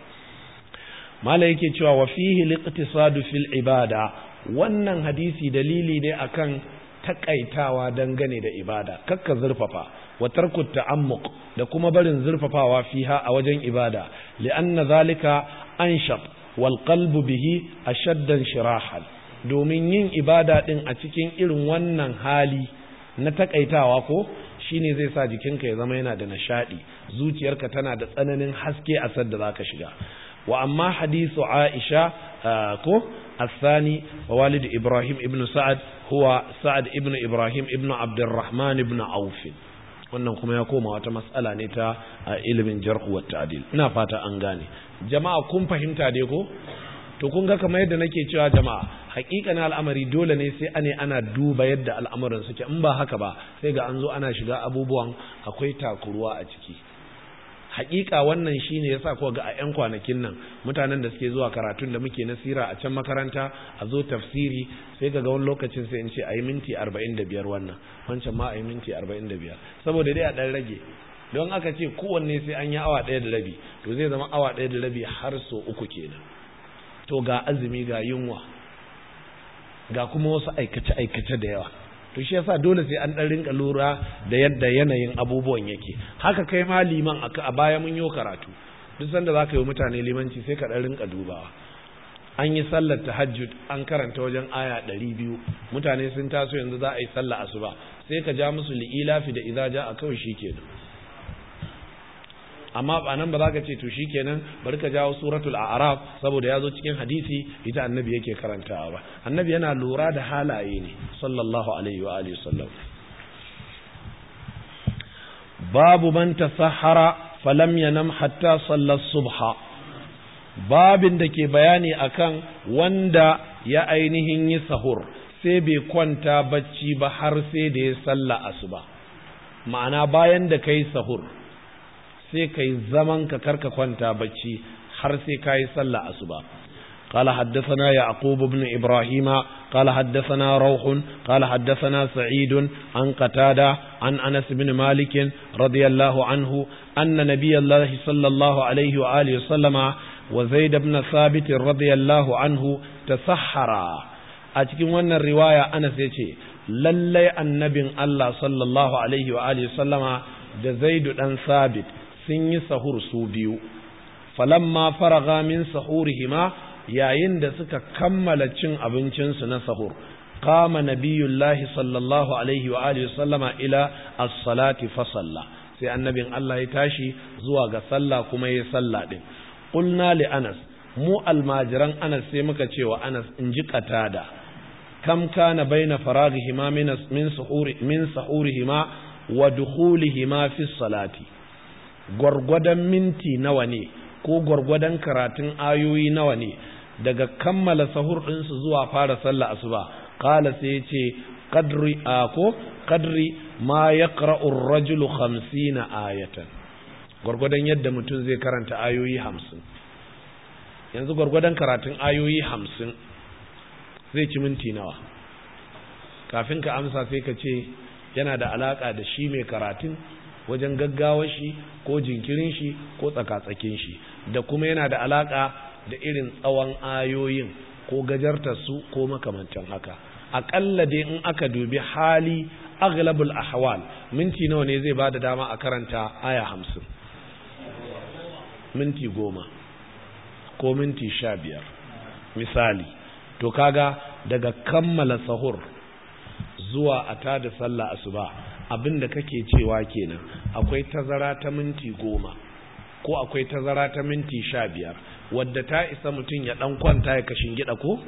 malai yake cewa wa fihi liqtisadu fil ibada wannan hadisi dalili ne akan takaitawa dangane da ibada kakka zurfafa wa tarku ta'ammuq da kuma barin zurfafawa fiha a wajen ibada li'anna zalika anshab wal qalbu bihi ashaddan shirahan domin yin ibada din a cikin irin wannan hali na takaitawa ko Shi ne zai sa jikinka ya zama yana da nishaɗi zuciyarka tana da tsananin haske a sadda zaka shiga wa amma hadisu Aisha ah, ko الثاني ووالد إبراهيم ابن سعد هو سعد ابن إبراهيم ابن عبد الرحمن ابن عوف wannan kuma ya koma wata matsala ne ta a ah, ilimin jarhu wa ta'dil ina fata an gane jama'a kun fahimta dai ko to kun ga kamar yadda nake cewa jama'a na al'amari dole ne sai ane ana duba yadda al'amuran suke in ba haka ba sai ga an zo ana shiga abubuwan akwai takuruwa a ciki hakika wannan shine yasa ko ga a yan kwanakin nan mutanen da suke zuwa karatun da muke nasira a can makaranta a zo tafsiri sai ga wani lokacin sai in ce ayi minti 45 wannan wancan ma ayi minti 45 saboda dai a dan rage don aka ce kowanne sai an yi awa ɗaya da rabi to zai zama awa ɗaya da rabi har so uku kenan to ga azumi ga yunwa ga kuma wasu aikace-aikace da yawa to shi yasa dole sai an ɗan rinka lura da yadda yanayin abubuwan yake haka kai ma liman a baya mun yi karatu duk sanda za ka yi mutane limanci sai ka ɗan rinka dubawa an yi sallar tahajjud an karanta wajen aya ɗari biyu mutane sun taso yanzu za a yi sallar asuba sai ka ja musu li'ilafi da idaja a kawai shi duk. amma ba nan ba za ka ce to shi kenan, bari ka jawo suratul a'raf saboda ya zo cikin hadisi ita annabi yake karantawa ba annabi yana lura da halaye ne sallallahu alaihi wa alihi sallam babu man tasahara falam yanam hatta sallar subha babin da ke bayani akan wanda ya ainihin yi sahur sai bai kwanta bacci ba har sai da ya salla asuba ma'ana bayan da kai sahur sai kai zaman ka karka kwanta bacci har sai kai sallah asuba قال حدثنا يعقوب بن إبراهيم قال حدثنا روح قال حدثنا سعيد عن قتادة عن أنس بن مالك رضي الله عنه أن نبي الله صلى الله عليه وآله وسلم وزيد بن ثابت رضي الله عنه تسحرا أتكلم أن الرواية أنس يتي للي النبي الله صلى الله عليه وآله وسلم da zaidu ɗan sabit sun yi sahur su biyu falamma faraga min sahurihima yayin da suka kammala cin abincinsu na sahur qama nabiyullahi sallallahu alaihi wa alihi sallama ila as-salati fa salla sai annabin Allah ya tashi zuwa ga sallah kuma ya sallah din qulna li anas mu almajiran anas sai muka ce wa anas in ji katada kam kana baina faraghihima min min min wa dukhulihima fi salati gwargwadon minti nawa ne ko gwargwadon karatun ayoyi nawa ne daga kammala sahur ɗinsu zuwa fara sallah asuba kala sai ya ce kadri a ko kadri ma ya ar-rajulu na ayatan gwargwadon yadda mutum zai karanta ayoyi hamsin, yanzu gwargwadon karatun ayoyi hamsin zai ci minti nawa kafin ka amsa sai ka ce yana da alaƙa da shi mai karatun wajen gaggawar shi ko jinkirin shi ko tsakatsakin shi da kuma yana da alaka da irin tsawon ayoyin ko gajartar su ko makamancin haka aƙalla dai in aka dubi hali aghlabul ahwal minti nawa ne zai bada dama a karanta aya hamsin minti goma ko minti sha biyar misali to kaga daga kammala sahur zuwa a tada sallah asuba abin da kake cewa kenan akwai tazara ta minti goma ko akwai tazara ta minti sha biyar wadda ta isa mutum ya dan kwanta ya kashin gida ko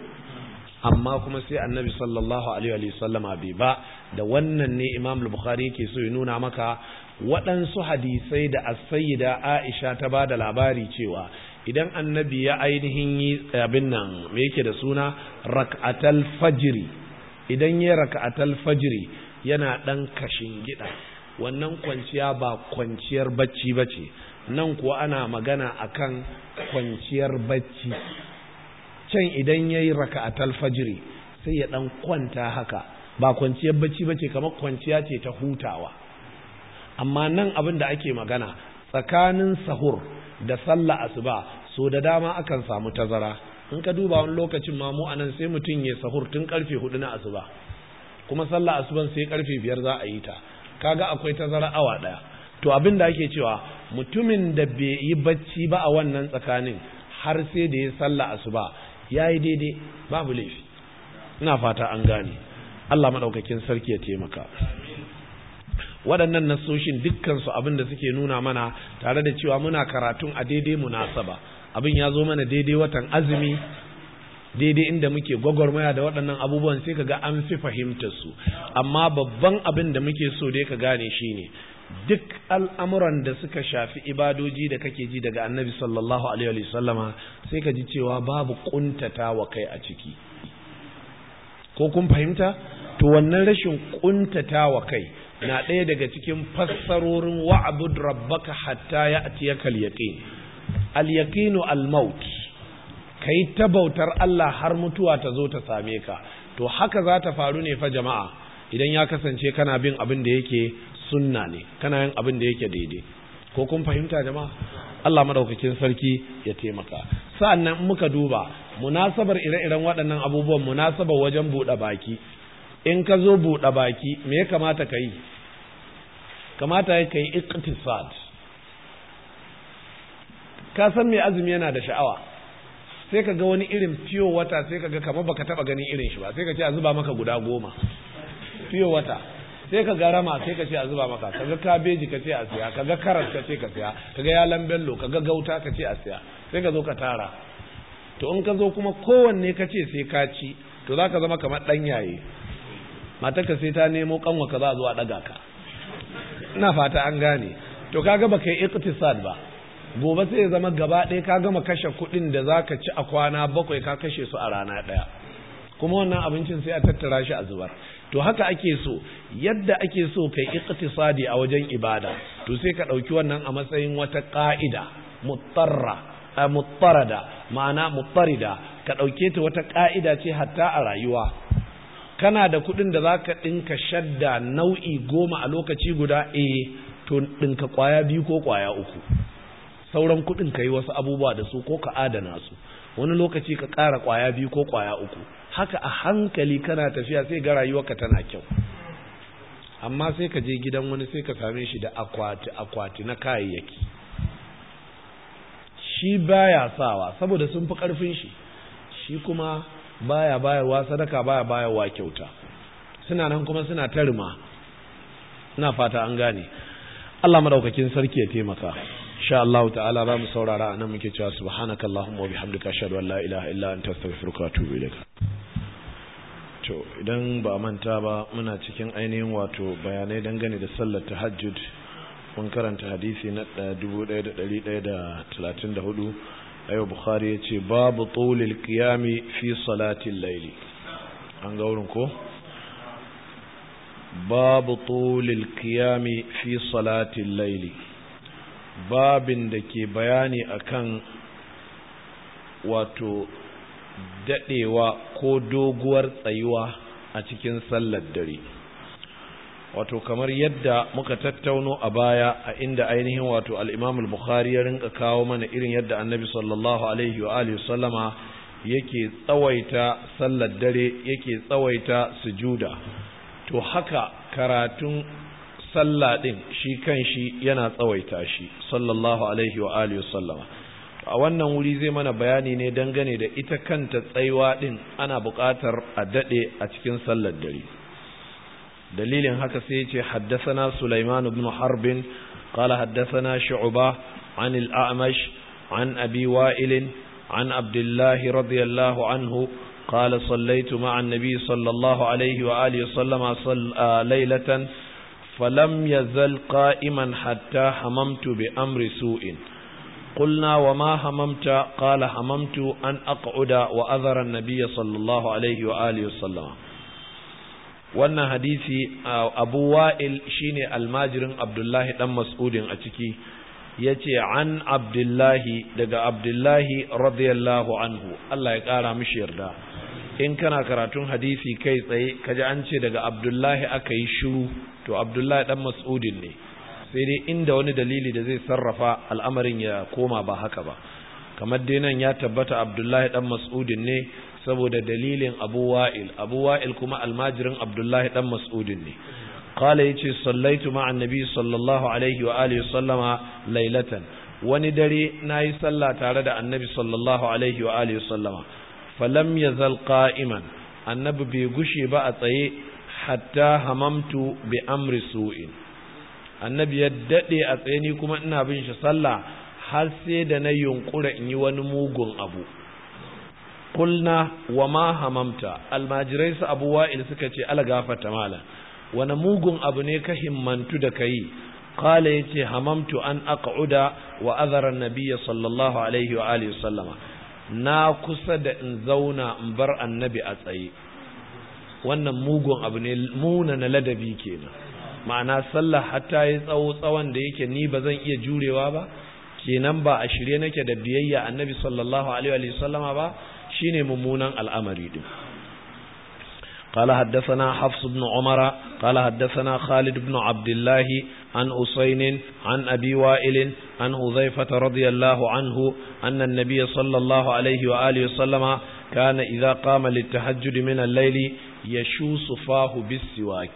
amma kuma sai annabi sallallahu alaihi wa sallama bai ba da wannan ne imam al-bukhari yake so ya nuna maka waɗansu hadisai da as aisha ta ba da labari cewa idan annabi ya ainihin yi abin nan me yake da suna rak'atal fajri idan ya rak'atal fajri yana ɗan kashin gida wannan kwanciya ba kwanciyar bacci bace, nan kuwa ana magana akan kwanciyar bacci can idan ya yi raka'atal fajiri sai ya ɗan kwanta haka ba kwanciyar bacci bace ce kamar kwanciya ce ta hutawa amma nan abin da ake magana tsakanin sahur da sallah asuba so da dama akan samu tazara in ka duba wani lokacin ma a nan, sai mutum ya sahur tun karfe hudu na asuba kuma sallah asuban sai karfe biyar za a yi ta kaga akwai tazara awa daya to abin da ake cewa mutumin da bai yi bacci ba a wannan tsakanin har sai da ya sallah asuba yayi daidai babu laifi ina fata an gane Allah madaukakin sarki ya taimaka waɗannan nasoshin dukkansu abin da suke nuna mana tare da cewa muna karatun a daidai munasaba abin ya zo mana daidai watan azumi daidai inda muke gwagwarmaya da waɗannan abubuwan sai kaga an fi fahimtar su amma babban abin da muke so dai ka gane shine duk al'amuran da suka shafi ibadoji da kake ji daga annabi sallallahu alaihi wasallama sai ka ji cewa babu kuntata wa kai a ciki ko kun fahimta to wannan rashin kuntata wa kai na ɗaya daga cikin fassarorin wa'bud rabbaka hatta ya'tiyakal yaqin al yaqinu al maut ka yi ta bautar Allah har mutuwa ta zo ta same ka to haka za ta faru ne fa jama'a idan ya kasance kana bin abin da yake sunna ne kana yin abin da yake daidai ko kun fahimta jama'a Allah maɗaukakin sarki ya taimaka sa'annan in muka duba munasabar ire-iren waɗannan abubuwan munasabar wajen buɗe baki in ka zo buɗe baki me ya kamata ka yi kamata ya ka yi ka san me azumi yana da sha'awa sai ka ga wani irin fiyo wata sai ka ga kamar baka taba ganin irin shi ba sai ka ce a zuba maka guda goma fiyo wata sai ka ga rama sai ka ce a zuba maka ka ga kabeji ka ce a siya ka ga karas ka ce ka siya ka ga yalan bello ka ga gauta ka ce a siya sai ka zo ka tara to in ka zo kuma kowanne ka ce sai ka ci to za ka zama kamar dan yaye matarka sai ta nemo kanwa ka za a zo a daga ka ina fata an gane to kaga baka yi iqtisad ba gobe sai ya zama gaba ɗaya ka gama kashe kuɗin da za ka ci a kwana bakwai ka kashe su a rana ɗaya kuma wannan abincin sai a tattara shi a zubar to haka ake so yadda ake so kai iqtisadi a wajen ibada to sai ka ɗauki wannan a matsayin wata ƙa'ida muttarra eh, muttarada ma'ana muttarida ka ɗauke ta wata ƙa'ida ce hatta a rayuwa kana da kuɗin da za ka ɗinka shadda nau'i goma a lokaci guda eh to ɗinka ƙwaya biyu ko kwaya uku sauran kuɗin ka yi wasu abubuwa da su ko ka adana su wani lokaci ka ƙara ƙwaya biyu ko ƙwaya uku haka a hankali kana tafiya sai ga rayuwarka tana kyau amma sai ka je gidan wani sai ka same shi da akwati akwati na kayayyaki shi baya sawa saboda sun fi ƙarfin shi shi kuma baya bayarwa sadaka baya bayarwa kyauta suna nan kuma suna tarima ina fata an gane Allah madaukakin sarki ya taimaka insha Allah ta'ala za mu saurara a nan muke cewa subhanaka Allahumma wa bihamdika ashhadu an la ilaha illa anta astaghfiruka wa atubu ilaik to idan ba manta ba muna cikin ainihin wato bayanai dangane da sallar tahajjud mun karanta hadisi na 1134 eh, ayo bukhari yace babu tulil qiyami fi salati al-layl an ga wurin ko babu tulil qiyami fi salati al-layl babin da ke bayani akan wato dadewa ko doguwar tsayuwa a cikin sallar dare wato kamar yadda muka tattauno a baya a inda ainihin wato al bukhari ya rinka kawo mana irin yadda Annabi sallallahu alaihi wa sallama yake tsawaita sallar dare yake tsawaita sujuda to haka karatun sallah ɗin shi kan shi yana tsawaita shi sallallahu alaihi wa alihi sallama a wannan wuri zai mana bayani ne dangane da ita kanta tsaiwa ɗin ana buƙatar a daɗe a cikin sallar dare dalilin haka sai yace haddasana Sulaiman ibn harbin qala haddathana Shu'ba an al-A'mash an Abi Wa'il an Abdullahi radiyallahu anhu قال صليت مع النبي صلى الله عليه وآله وسلم ليلة falam yazal qa'iman hatta hamamtu bi amri su'in qulna wa ma hamamta qala hamamtu an aq'uda wa adhara an sallallahu alayhi wa alihi wannan hadisi abu wa'il shine almajirin abdullahi ɗan mas'udin a ciki yace an abdullahi daga abdullahi radiyallahu anhu Allah ya ƙara mishi yarda in kana karatun hadisi kai tsaye kaji an ce daga abdullahi aka yi shiru to abdullahi dan mas'udin ne sai dai inda wani dalili da zai sarrafa al'amarin ya koma ba haka ba kamar dai nan ya tabbata abdullahi dan mas'udin ne saboda dalilin abu wa'il abu wa'il kuma almajirin abdullahi dan mas'udin ne qala yace sallaitu ma'an nabi sallallahu alaihi wa alihi sallama lailatan wani dare na yi sallah tare da annabi sallallahu alaihi wa alihi sallama falam yazal qa'iman annabi bai gushe ba a tsaye hatta hamamtu bi amri su'in annabi ya daɗe a tsaye ni kuma ina bin shi sallah har sai da na yunkura in yi wani mugun abu kulna wa ma hamamta almajirai su abu wa'il suka ce ala gafata malam. wani mugun abu ne ka himmantu da ka yi kala ya ce hamamtu an aqa'uda wa azara nabiya sallallahu alaihi wa alihi sallama na kusa da in zauna in bar annabi a tsaye wannan mugun abu ne muna na ladabi kenan ma'ana sallah hatta yi tsawo tsawon da yake ni ba zan iya jurewa ba kenan ba a shirye nake da biyayya annabi sallallahu alaihi wa sallama ba shine mummunan al'amari din قال حدثنا حفص بن عمر قال حدثنا خالد بن عبد الله عن أسين عن أبي وائل عن هذيفة رضي الله عنه أن النبي صلى الله عليه وآله وسلم كان إذا قام للتهجد من الليل يشو صفاه بالسواك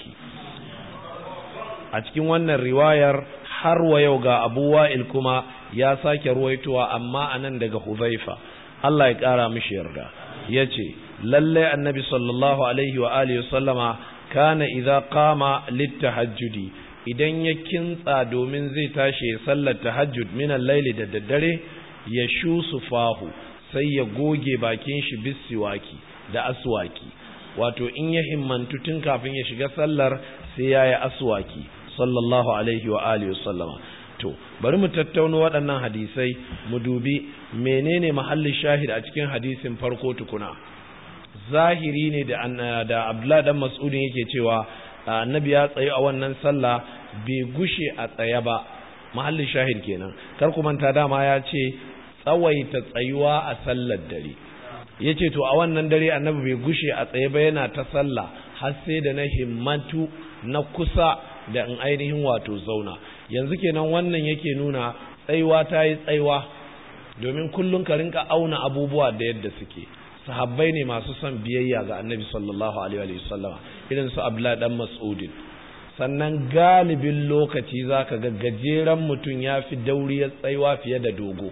أتكين وأن الرواية حروا يوغى أبو وائل كما يا ساك رويتها أما أنا ندق هذيفة الله يكارى مشيرها يتي للي النبي صلى الله عليه وآله وسلم كان إذا قام للتهجد idan ya kintsa domin zai tashi ya sallar tahajjud minan laili da daddare ya shusu fahu sai ya goge bakin shi bisiwaki da aswaki wato in ya himmantu tun kafin ya shiga sallar sai ya yi aswaki sallallahu alaihi wa alihi sallama to bari mu tattauna waɗannan hadisai mu dubi menene mahallin shahid a cikin hadisin farko tukuna zahiri ne da da Abdullah dan Mas'udin yake cewa annabi ya tsaye a wannan sallah bai gushe a tsaye ba mahallin shahid kenan kar ku manta dama ya ce tsawaita tsayuwa a sallar dare ya ce to a wannan dare annabi bai gushe a tsaye ba yana ta sallah har sai da na himmatu na kusa da in ainihin wato zauna yanzu kenan wannan yake nuna tsayuwa ta yi tsayuwa domin kullum ka rinka auna abubuwa da yadda suke sahabbai ne masu son biyayya ga annabi sallallahu alaihi wasallama irin su abdullahi dan mas'udin sannan galibin lokaci zaka ga gajeren mutum ya fi ya tsaiwa fiye da dogo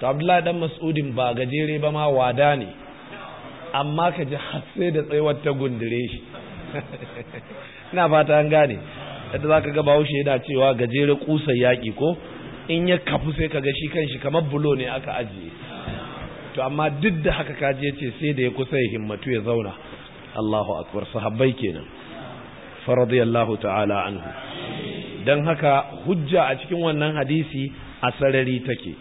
to abdullahi dan mas'udin ba gajere ba ma wada ne amma ka ji hatsi da tsaiwar ta gundure shi ina fata an gane yadda zaka ga bahaushe yana cewa gajere kusa yaki ko in ya kafu sai ka ga shi kanshi kamar bulo ne aka ajiye to amma duk da haka kaji ce sai da ya kusa ya himmatu ya zauna Allahu akbar sahabbai kenan faradiyallahu ta'ala anhu dan haka hujja a cikin wannan hadisi a sarari take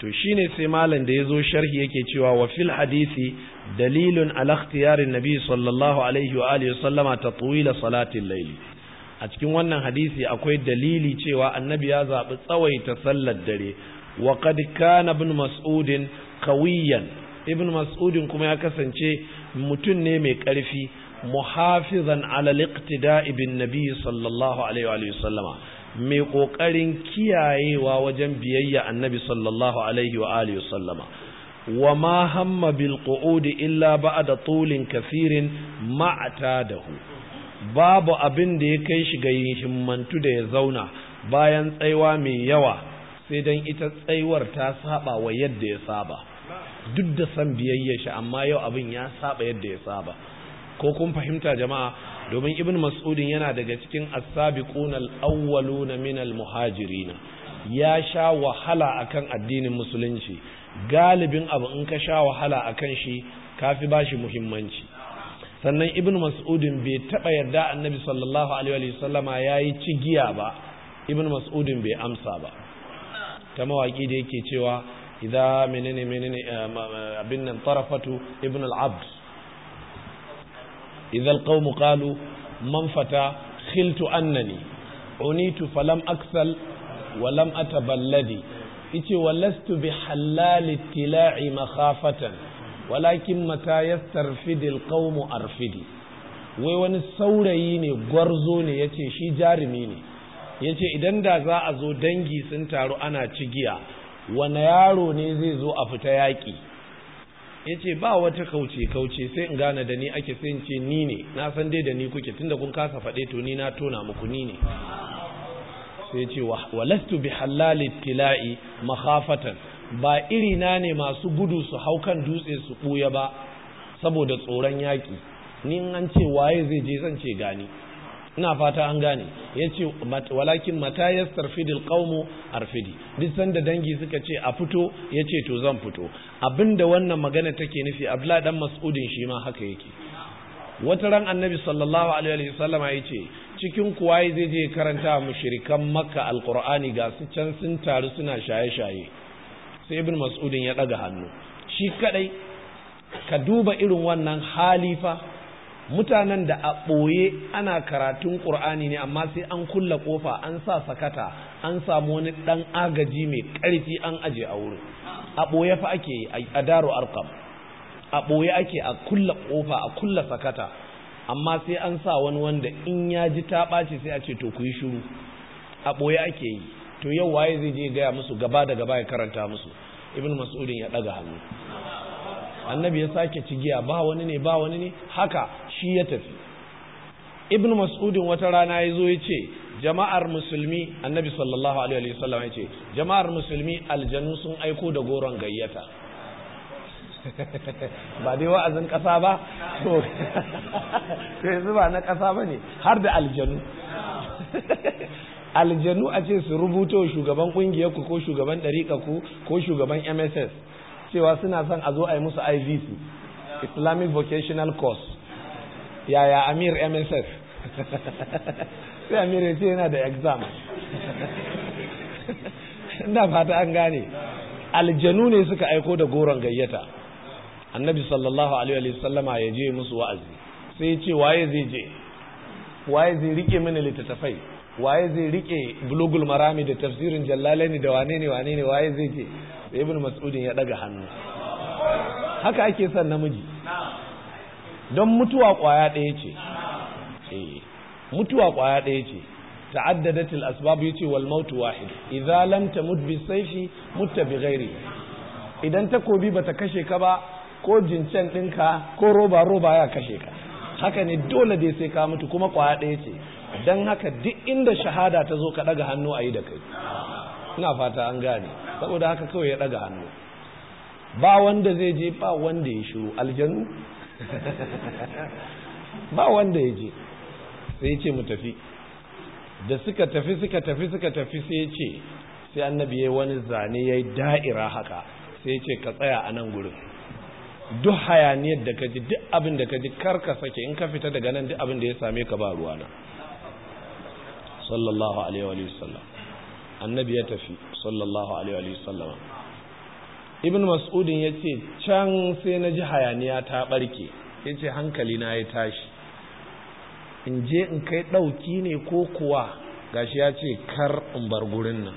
to shine sai malam da yazo sharhi yake cewa wa fil hadisi dalilun ala ikhtiyarin nabi sallallahu alaihi wa alihi sallama tatwila salatil layli a cikin wannan hadisi akwai dalili cewa annabi ya zabi tsawaita sallar dare wa qad kana ibn mas'ud qawiyan ibn mas'udin kuma ya kasance mutum ne mai ƙarfi muhafizan ala liqtida'i bin nabi sallallahu alaihi wa sallama mai kokarin kiyayewa wajen biyayya annabi sallallahu alaihi wa alihi sallama wa ma hamma bil qu'ud illa ba'da tulin kathirin ma'tadahu babu abin da ya kai shi ga himmantu da ya zauna bayan tsaiwa mai yawa sai dan ita tsaiwar ta saba wa yadda ya saba duk da san biyayya shi amma yau abin ya saba yadda ya saba ko kun fahimta jama'a domin ibn mas'udin yana daga cikin as-sabiquna al-awwaluna min al-muhajirin ya sha wahala akan addinin musulunci galibin abu in ka sha wahala akan shi kafi bashi muhimmanci sannan ibn mas'udin bai taba yarda annabi sallallahu alaihi wa sallama yayi cigiya ba ibn mas'udin bai amsa ba ta mawaki da yake cewa idza menene menene abin nan tarafatu ibn al-abd idza al-qawm qalu man fata khiltu annani unitu falam aksal wa lam ataballadi yace walastu bi halal tila'i makhafatan walakin mata yastarfidi al-qawm arfidi wai wani saurayi ne gwarzo ne yace shi jarumi ne yace idan da za a zo dangi sun taru ana cigiya wane yaro ne zai zo a fita yaƙi ya ce ba wata kauce-kauce sai in gane da ni ake sai in ce ni ne na san dai da ni kuke tunda kun kasa faɗe to ni na tona muku ni ne sai ce walastu bi halali tila'i mahafatan ba iri na ne masu gudu su hau kan dutse su ɓuya ba saboda tsoron yaƙi ni an ce waye zai je zan ce gani ina fata an gane Ya ce walakin mata yastarfidil a arfidi duk sanda dangi suka ce a fito ya ce to zan fito abinda wannan magana take nufi abla dan mas'udin shi ma haka yake wata ran annabi sallallahu alaihi wasallama ce, cikin kuwa zai je karanta mushrikan makka alqur'ani ga su can sun taru suna shaye-shaye sai ibn mas'udin ya ɗaga hannu shi kaɗai ka duba irin wannan halifa mutanen da a ɓoye ana karatun ƙur'ani ne amma sai an kulla ƙofa an sa sakata an samu wani ɗan agaji mai ƙarfi an aje a wurin a ɓoye fa ake a daro arkam a ɓoye ake a kulla ƙofa a kulla sakata amma sai an sa wani wanda in ya ji ta ɓaci sai a ce to ku yi shuru. a ɓoye ake yi to yau waye zai je gaya musu gaba da gaba ya karanta musu ibn mas'udin ya ɗaga hannu annabi ya sake cigiya ba wani ne ba wani ne haka shi ya tafi ibnu mas'udin wata rana ya zo ya ce jama'ar musulmi annabi sallallahu alaihi wasallam ya ce jama'ar musulmi aljanu sun aiko da goron gayyata ba dai wa'azin ƙasa ba to yanzu ba na ƙasa ba ne har da aljanu aljanu a ce su rubuto shugaban ƙungiyarku ko shugaban dariƙa ku ko shugaban mss cewa suna son a zo a yi musu ivc islamic vocational course yaya amir msf sai amir ya ce yana da exam inda fata an gane aljanu ne suka aiko da goron gayyata annabi sallallahu alaihi sallama ya je musu wa'azi sai ce waye zai je waye zai rike mini littattafai waye zai rike bulugul marami da tafsirin jallalaini da wane ne wane ne waye zai ke da ibn mas'udin ya daga hannu haka ake san namiji don mutuwa kwaya ɗaya ce eh, mutuwa kwaya ɗaya ce ta'addadat al-asbab yace wal maut wahid idza lam tamut bi sayfi mutta bi ghairi idan takobi bata kashe ka ba ko jincen ɗinka ko roba roba ya kashe ka haka ne dole dai sai ka mutu kuma kwaya ɗaya ce don haka duk inda shahada ta zo ka ɗaga hannu a yi da kai ina fata an gane saboda haka kawai ya ɗaga hannu ba wanda zai je ba wanda ya shiru aljanu ba wanda ya je sai ce mu tafi da suka tafi suka tafi suka tafi sai ce sai annabi ya wani zane ya yi da'ira haka sai ce ka tsaya a nan gurin duk hayaniyar da ka ji duk abin da ka ji kar ka sake in ka fita daga nan duk abin da ya same ka ba ruwana sallallahu alaihi wa sallam annabi ya tafi sallallahu alaihi wa sallam ibn mas'udin ya ce can sai na ji hayaniya ta barke ya ce hankali na ya tashi in je in kai ɗauki ne ko kuwa gashi ya ce kar in bar gurin nan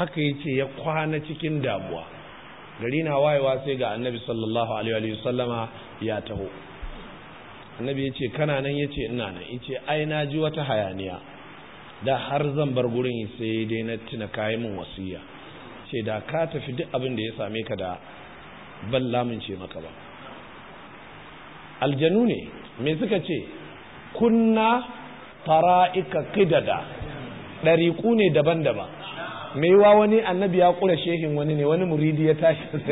haka ya ce ya kwana cikin damuwa gari na wayewa sai ga annabi sallallahu alaihi wa sallama ya taho annabi ya ce kana nan ya ce ina nan ya ce ai na ji wata hayaniya da har zan bar gurin sai dai na tuna kayi min wasiya ce da ka tafi duk abin da ya same ka da ban lamunce maka ba aljanu ne me suka ce kunna fara'ika kidada ɗariƙu ne daban-daban Mai wa wani annabi ya kura shehin wani ne wani muridi ya tashi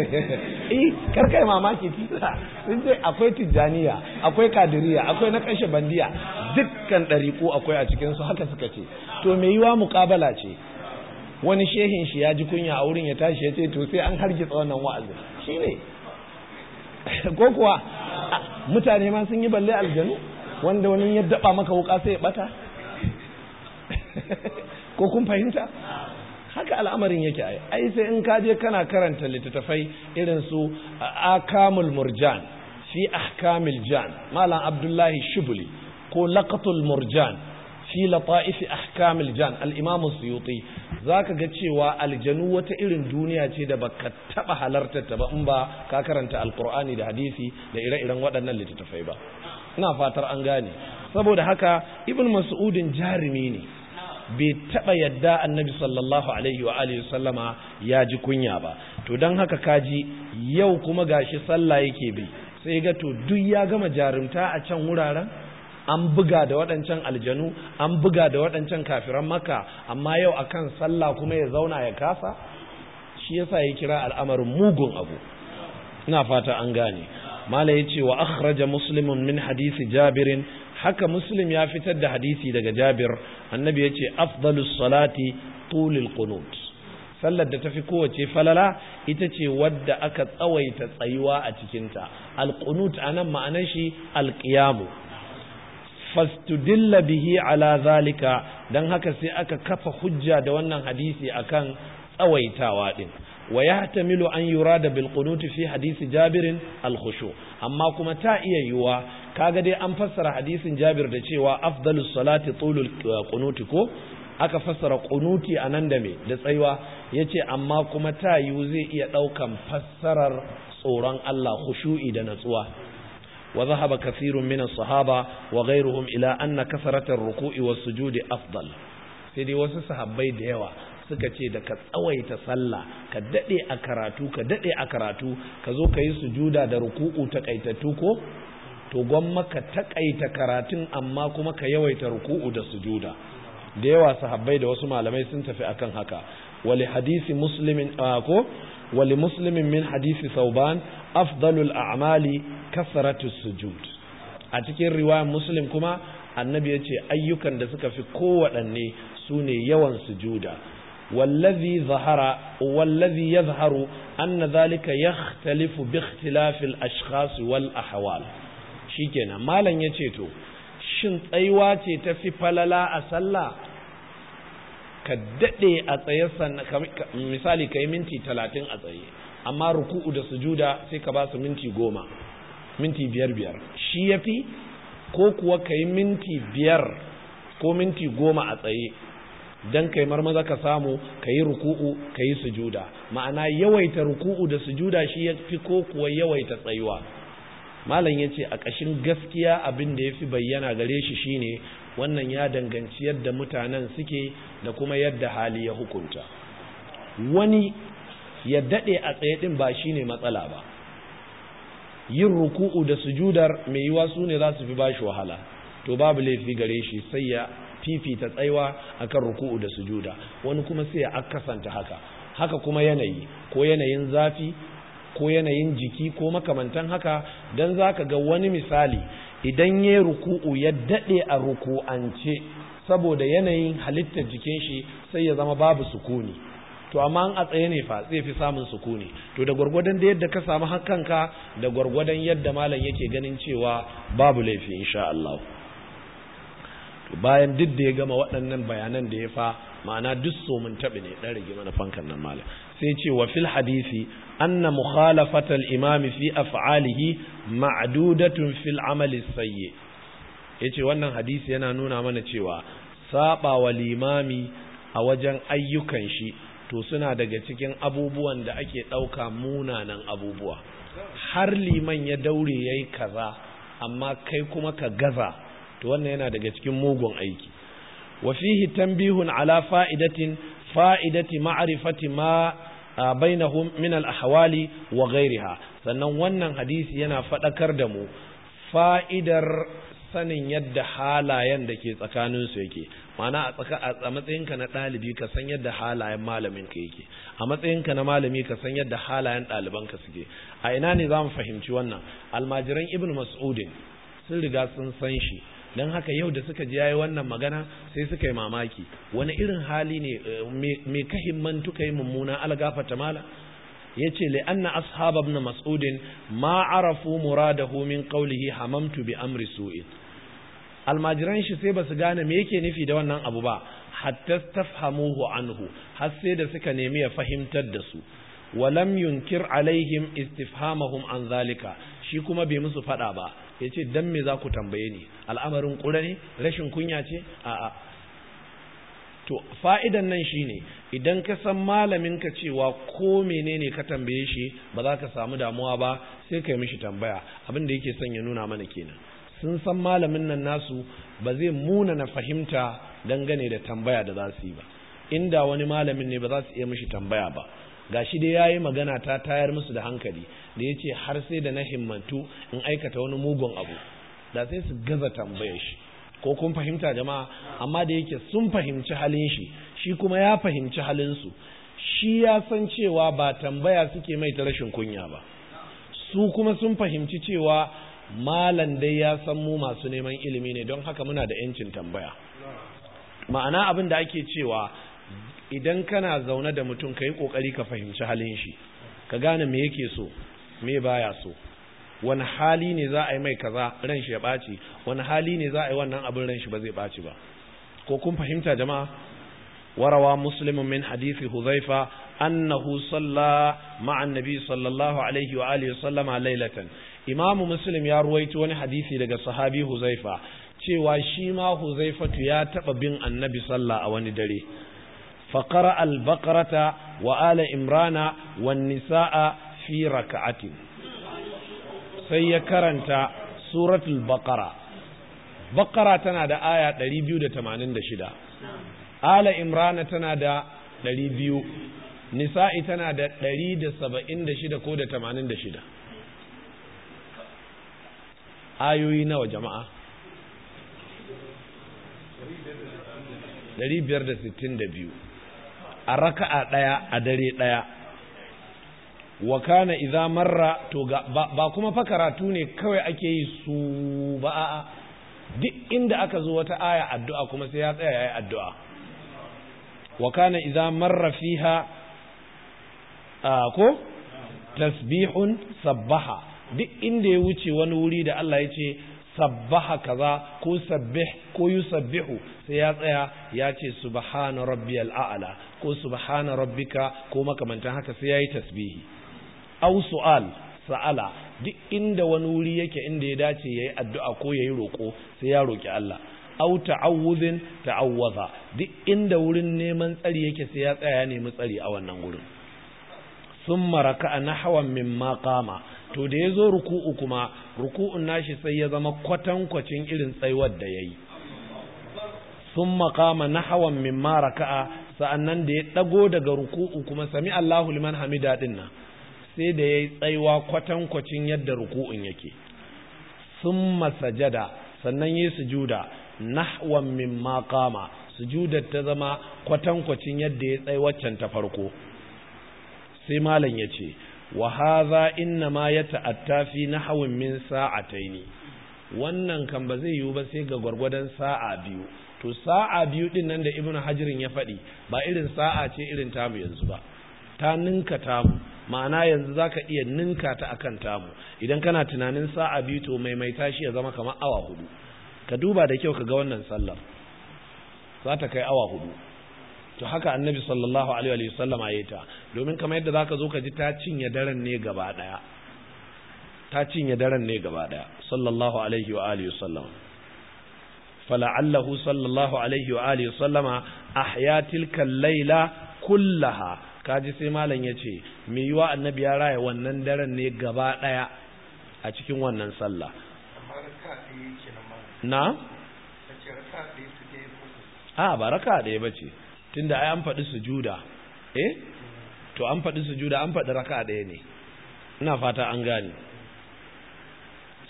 eh karkai mamaki tisa sun ce akwai tijjaniya akwai kadiriya akwai na kashe bandiya dukkan ɗariƙu akwai a cikinsu haka suka ce to mai yiwa muƙabala ce wani shehin shi ya ji kunya a wurin ya tashi ya ce to sai an hargitsa wannan wa'azin shi ne ko kuwa mutane ma sun yi balle aljanu wanda wani ya daba maka wuka sai ya bata ko kun fahimta haka al'amarin yake ai ai sai in ka je kana karanta littattafai irin su akamul murjan fi ahkamil jan malam abdullahi Shubli, ko laqatul murjan fi lata'ifi ahkamil jan al-imam suyuti zaka ga cewa aljanu wata irin duniya ce da baka taba halartar ta ba in ba ka karanta alqur'ani da hadisi da ire-iren waɗannan littattafai ba ina fatar an gane saboda haka ibn mas'udin jarumi ne bai taba yadda annabi sallallahu alaihi wa alihi sallama ya ji kunya ba to don haka kaji yau kuma gashi sallah yake bi sai ga to duk ya gama jarumta a can wuraren an buga da waɗancan aljanu an buga da waɗancan kafiran maka amma yau akan sallah kuma ya zauna ya kasa shi yasa ya kira al'amarin mugun abu ina fata an gane mala yace wa akhraja muslimun min hadisi jabirin haka muslim ya fitar da hadisi daga jabir annabi ya ce afdalus salati tulil qunut sallar da tafi kowace falala ita ce wadda aka tsawaita tsayuwa a cikinta a anan ma'anar shi alqiyamu fastudilla bihi ala zalika dan haka sai aka kafa hujja da wannan hadisi akan tsawaitawa din wa yahtamilu an yurada bil qunut fi hadisi jabirin al khushu amma kuma ta iya yuwa kaga dai an fassara hadisin Jabir da cewa afdalus salati tulul uh, qunuti ko aka fassara qunuti anan da me da tsaiwa yace amma kuma tayu zai iya daukan fassarar tsoron Allah khushu'i da natsuwa wa zahaba kathirun min as-sahaba wa ghayruhum ila anna ar ruku'i was sujudi afdal sai dai wasu sahabbai da yawa suka ce da ka tsawaita sallah ka dade a karatu ka dade a karatu ka zo ka yi sujuda da ruku'u takaitattu ko to gwamma ka takaita karatun amma kuma ka yawaita ruku'u da sujuda da yawa sahabbai da wasu malamai sun tafi akan haka wali hadisi muslimin ko wali muslimin min hadisi sauban afdalul a'mali kasratu sujud a cikin riwayar muslim kuma annabi yace ce ayyukan da suka fi kowaɗanne su sune yawan sujuda wallazi zahara wallazi yazharu anna zalika yakhtalifu bi ikhtilafil ashkhas wal ahwal kenan malam ya ce to shin tsayuwa ce ta fi falala a sallah ka daɗe a tsaye misali ka yi minti talatin a tsaye amma ruku'u da sujuda sai ka ba su minti goma minti biyar biyar shi ya fi ko kuwa ka yi minti biyar ko minti goma a tsaye don kai marmaza ka samu ka yi ruku'u ka yi sujuda ma'ana yawaita ruku'u da sujuda shi ya fi ko kuwa yawaita tsayuwa malam ya ce a ƙashin gaskiya abin da ya fi bayyana gare shi shi ne wannan ya danganci yadda mutanen suke da kuma yadda hali ya hukunta wani ya daɗe a tsaye ɗin ba ne matsala ba yin ruku'u da sujudar mai yiwa su ne za su fi bashi wahala to babu laifi gare shi sai ya fifita tsaiwa akan ruku'u da sujuda wani kuma sai ya akasanta haka haka kuma yanayi ko yanayin zafi ko yanayin jiki ko makamantan haka don za ka ga wani misali idan ya ruku'u ya daɗe a ruku'ance saboda yanayin halittar jikin shi sai ya zama babu sukuni to amma a tsaye ne fa zai fi samun sukuni to da gwargwadon da yadda ka samu hakanka da gwargwadon yadda malam yake ganin cewa babu laifi insha Allah bayan duk da ya gama waɗannan bayanan da ya fa ma'ana duk so mun tabi ne dan rage mana fankan nan malam sai ce wa fil hadisi anna mukhalafata al-imam fi af'alihi ma'dudatun fil amali sayyi yace wannan hadisi yana nuna mana cewa saba wa limami a wajen ayyukan shi to suna daga cikin abubuwan da ake ɗauka munanan abubuwa har liman ya daure yayi kaza amma kai kuma ka gaza to wannan yana daga cikin mugun aiki wa fihi tanbihun ala fa'idatin fa'idati ma'rifati ma bainahum min al-ahwali wa ghayriha sannan wannan hadisi yana fadakar da mu fa'idar sanin yadda halayen da ke tsakaninsu yake mana a matsayinka na dalibi ka san yadda halayen malaminka yake a matsayinka na malami ka san yadda halayen ka suke a ina ne za mu fahimci wannan almajiran ibnu mas'udin sun riga sun san shi don haka yau da suka ji yayi wannan magana sai suka yi mamaki wani irin hali ne mai ka himmantu yi mummuna algafata mala yace ce anna ashab ibn mas'ud ma arafu muradahu min qawlihi hamamtu bi amri su'in almajiran shi sai basu gane me yake nufi da wannan abu ba hatta tafhamuhu anhu har sai da suka nemi ya fahimtar da su walam yunkir alaihim istifhamahum an zalika shi kuma bai musu fada ba ya ce don me za ku tambaye ni al'amarin ƙura ne rashin kunya ce 'a to fa'idan nan shine idan ka san ka cewa ko menene ka tambaye shi ba za ka samu damuwa ba sai ka yi mishi tambaya abin da yake son ya nuna mana kenan sun san malamin nan nasu ba zai muna na fahimta dangane da tambaya da za su yi ba inda wani malamin ne ba za su iya mishi tambaya ba Ga shi dai ya yi magana ta tayar musu da hankali da ya ce har sai da na himmantu in aikata wani mugun abu da sai su gaza tambayar shi ko kun fahimta jama'a amma da yake sun fahimci halin shi shi kuma ya fahimci halin su, shi ya san cewa ba tambaya suke mai ta rashin kunya ba su kuma sun fahimci cewa malam dai ya san mu masu neman ilimi ne don haka muna da yancin tambaya ma'ana abin da ake cewa idan kana zaune da mutum ka yi ƙoƙari ka fahimci halin shi ka gane me yake so me baya so wani hali ne za a yi mai kaza ran shi ya ɓaci wani hali ne za a yi wannan abin ran shi ba zai ɓaci ba ko kun fahimta jama'a warawa muslimin min hadisi huzaifa annahu salla ma'an nabi sallallahu alaihi wa alihi sallama lailatan imamu muslim ya ruwaito wani hadisi daga sahabi huzaifa cewa shi ma huzaifatu ya taɓa bin annabi sallah a wani dare al wa ala imrana إمران والنساء fi raka'atin sai ya karanta suratul baqara baqara tana da aya 286 ala imran tana da 200 nisa'i tana da 176 ko da 86 ayoyi nawa jama'a 562 a raka'a daya a dare daya wa kana idza marra to ga ba kuma fa karatu ne kawai ake yi su ba a'a duk inda aka zo wata aya addu'a kuma sai ya tsaya yayi addu'a wa kana idza marra fiha ko tasbihun sabbaha duk inda ya wuce wani wuri da Allah ya ce sabbaha kaza ko sabbih ko yusabbihu sai ya tsaya ya ce subhana rabbiyal a'la ko subhana rabbika ko makamantan haka sai yayi tasbihi aw su'al sa'ala duk inda wani wuri yake inda ya dace yayi addu'a ko yayi roko sai ya roki Allah aw ta'awudhin ta'awwaza duk inda wurin neman tsari yake sai ya tsaya nemi tsari a wannan wurin summa raka'a nahwan mimma qama to da yazo ruku'u kuma ruku'un nashi sai ya zama kwatankwacin irin tsayuwar da yayi summa qama nahwan mimma raka'a sa'annan da ya dago daga ruku'u kuma sami Allahu liman hamida nan. sai da ya yi tsaiwa kwatankwacin yadda ruku'un yake sun masa jada sannan yi sujuda nahwan mimma su sujudar ta zama kwatankwacin yadda ya tsaye waccan ta farko sai malam ya ce wa haza inna ma ya ta'atta fi nahawin min ne wannan kan ba zai yiwu ba sai ga gwargwadon sa'a biyu to sa'a biyu din nan da Ibn hajirin ya faɗi ba irin sa'a ce irin tamu yanzu ba ta ninka tamu ma'ana yanzu zaka iya ninka ta akan tamu idan kana tunanin sa'a biyu to maimaita shi ya zama kamar awa hudu ka duba da kyau ka ga wannan sallar za ta kai awa hudu to haka annabi sallallahu alaihi wa sallam, ya ta domin kamar yadda zaka zo ka ji ta cinye daren ne gaba daya ta cinye daren ne gaba daya sallallahu alaihi wa alihi sallam fala'allahu sallallahu alaihi wa alihi sallama ahya tilka al-laila kullaha kaji sai malam ya ce mai yiwa annabi ya raya wannan daren ne gaba ɗaya a cikin wannan sallah na a ba raka ɗaya ba ce tunda da an faɗi sujuda eh to an faɗi sujuda an faɗi raka ɗaya ne ina fata an gane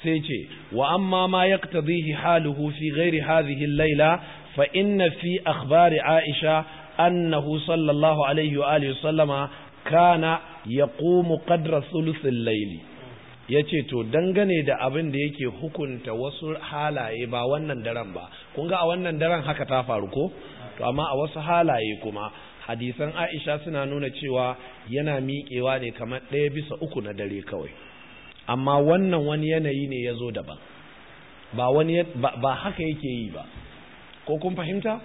sai ce wa amma ma zihi haluhu fi gairi hazihin laila fa inna fi akhbari aisha annahu صلى الله عليه وآله وسلم kana يقوم qadra الليل yace to dangane da abin da yake hukunta wasu halaye ba wannan daren ba kun ga a wannan daren haka ta faru ko to amma a wasu halaye kuma hadisan Aisha suna nuna cewa yana miƙewa ne kamar ɗaya bisa uku na dare kawai amma wannan wani yanayi ne ya zo daban ba wani ba haka yake yi ba ko kun fahimta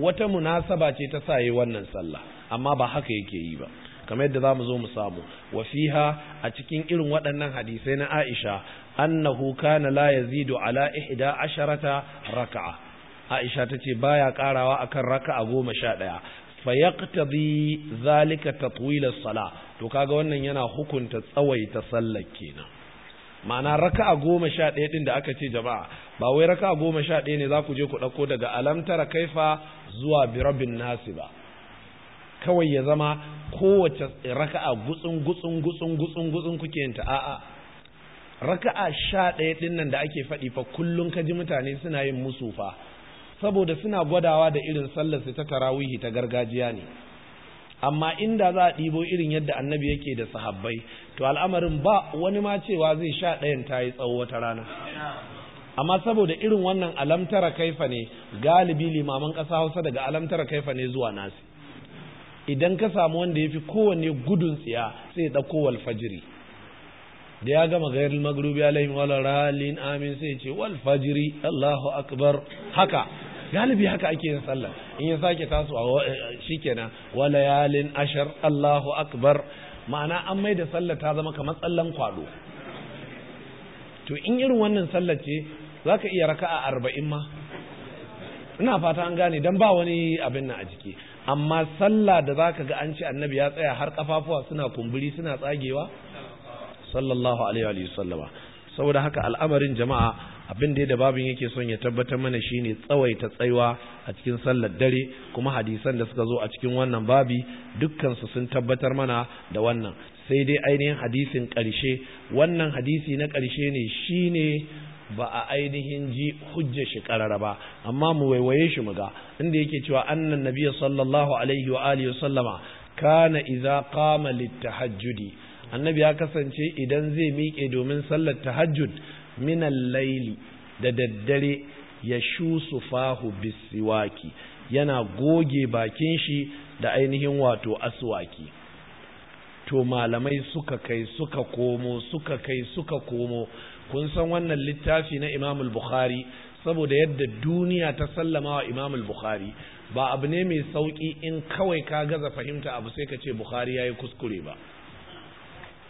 wata munasaba ce ta sa wannan sallah amma ba haka yake yi ba kamar yadda zamu zo mu samu wa fiha a cikin irin waɗannan hadisai na Aisha annahu kana la yazidu ala 11 raka'a Aisha tace baya karawa akan raka'a 11 yaqtadi zalika tatwil as-salah to kaga wannan yana hukunta tsawaita sallar kenan ma'ana raka'a goma sha ɗaya ɗin da aka ce jama'a ba wai raka'a goma sha ɗaya ne za ku je ku ɗauko daga alamtara kaifa zuwa birabin nasi ba kawai ya zama kowace raka'a gutsun gutsun gutsun gutsun gutsun kuke ke ta a'a raka'a sha ɗaya ɗin nan da ake faɗi fa kullum ka ji mutane suna yin musu fa saboda suna gwadawa da irin sallar su ta tarawihi ta gargajiya ne amma inda za a ɗibo irin yadda annabi yake da sahabbai to al'amarin ba wani ma cewa zai sha ɗayan ta yi tsawo wata rana amma saboda irin wannan alamtara kaifa ne galibi limaman ƙasa hausa daga alamtara kaifa ne zuwa nasi idan ka samu wanda ya fi kowanne gudun tsiya sai ya ɗauko walfajiri da ya gama gayar magrubi alaihim wala ralin amin sai ce wal Allahu akbar haka galibi haka ake yin sallah in ya sake taso a eh, eh, shikenan wala layalin ashar Allahu akbar ma'ana an mai da sallah ta zama kamar tsallan kwado to in irin wannan sallar ce zaka iya raka'a arba'in ma ina fata an gane dan ba wani abin nan a jiki amma sallah da zaka ga an ce annabi ya tsaya har kafafuwa suna kumburi suna tsagewa sallallahu alaihi wa sallama saboda haka al'amarin jama'a abin da babin yake son ya tabbatar mana shine tsawaita tsaiwa a cikin sallar dare kuma hadisan da suka zo a cikin wannan babi dukkansu sun tabbatar mana da wannan sai dai ainihin hadisin ƙarshe wannan hadisi na ƙarshe ne shine ba a ainihin ji hujja shi karara ba amma mu waiwaye shi mu ga. inda yake cewa annan nabiyyu sallallahu alaihi wa alihi wa sallama kana idza qama lit-tahajjudi annabi ya kasance idan zai miƙe domin sallar tahajjud minan laili da daddare ya shusu fahu bisiwaki yana goge bakin shi da ainihin wato aswaki to malamai suka kai suka komo suka kai suka komo kun san wannan littafi na imamul bukhari saboda yadda duniya ta sallama wa imamul bukhari ba abu ne mai sauƙi in kawai ka gaza fahimta abu sai ka ce bukhari ya yi kuskure ba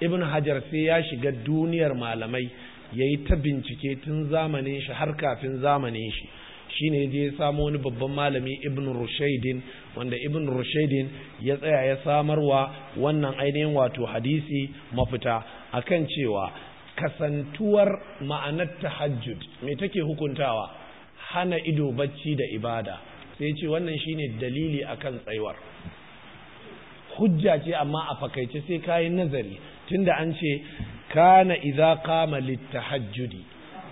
ibn hajar sai ya shiga duniyar malamai ya yi ta bincike tun zamanin shi har kafin zamanin shi shi ne je samo wani babban malami ibn rushaidin wanda ibn rushaidin ya tsaya ya samarwa wannan ainihin wato hadisi mafita akan cewa kasantuwar ma'anar tahajjud me take hukuntawa hana ido bacci da ibada sai ce wannan shine dalili akan tsaiwar hujja ce amma a fakaice sai kayi nazari tunda an ce kana idza kama littahajjudi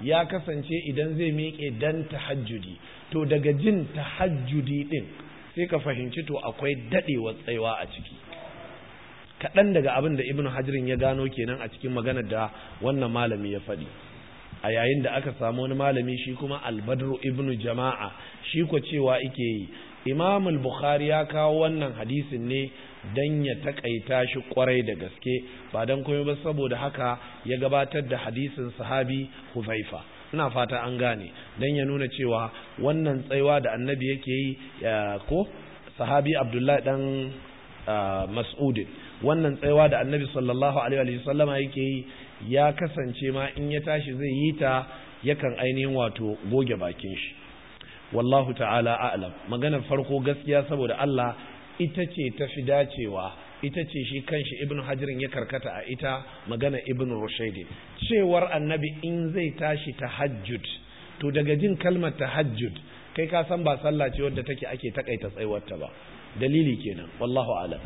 ya kasance idan zai miƙe dan tahajjudi to daga jin tahajjudi din sai ka fahimci to akwai dadewar tsaiwa a ciki kaɗan daga abin da ibn hajirin ya gano kenan a cikin maganar da wannan malami ya faɗi a yayin da aka samu wani malami shi kuma albadru ibn jama'a shi ko cewa ike yi imam bukhari ya kawo wannan hadisin ne Dan ya takaita shi kwarai da gaske ba don komai ba saboda haka ya gabatar da hadisin sahabi huzaifa ina fata an gane Dan ya nuna cewa wannan tsaiwa da annabi yake yi ko sahabi abdullahi dan ah, mas'udin wannan tsaiwa da annabi sallallahu alaihi wasallama yake yi ya kasance ma in ya tashi zai yi ta yakan ainihin wato goge bakin shi wallahu ta'ala a'lam maganar farko gaskiya saboda Allah ita ce ta fi dacewa ita ce shi kanshi ibn hajirin ya karkata a ita magana ibn rushaidi cewar annabi in zai tashi tahajjud to daga jin kalmar tahajjud kai ka san ba sallah ce wadda take ake takaita tsaiwarta ba dalili kenan wallahu alam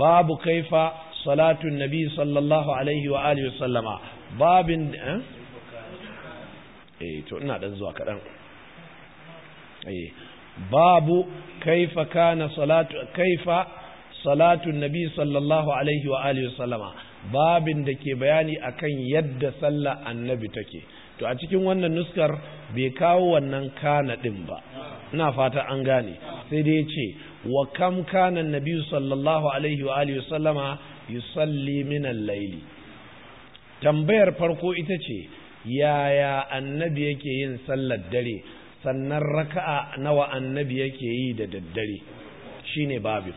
babu kaifa salatun nabi sallallahu alaihi wa alihi sallama babin eh? eh to ina dan zuwa kadan eh babu kaifa kana salatu kaifa salatu nabi sallallahu alaihi wa alihi sallama babin da ke bayani akan yadda sallah annabi take to a cikin wannan nuskar bai kawo wannan kana din ba ina fata an gane sai dai ce wa kam kana nabi sallallahu alaihi wa alihi sallama yusalli min al-layli tambayar farko ita ce yaya annabi yake yin sallar dare sannan raka'a nawa annabi yake yi da daddare shine babu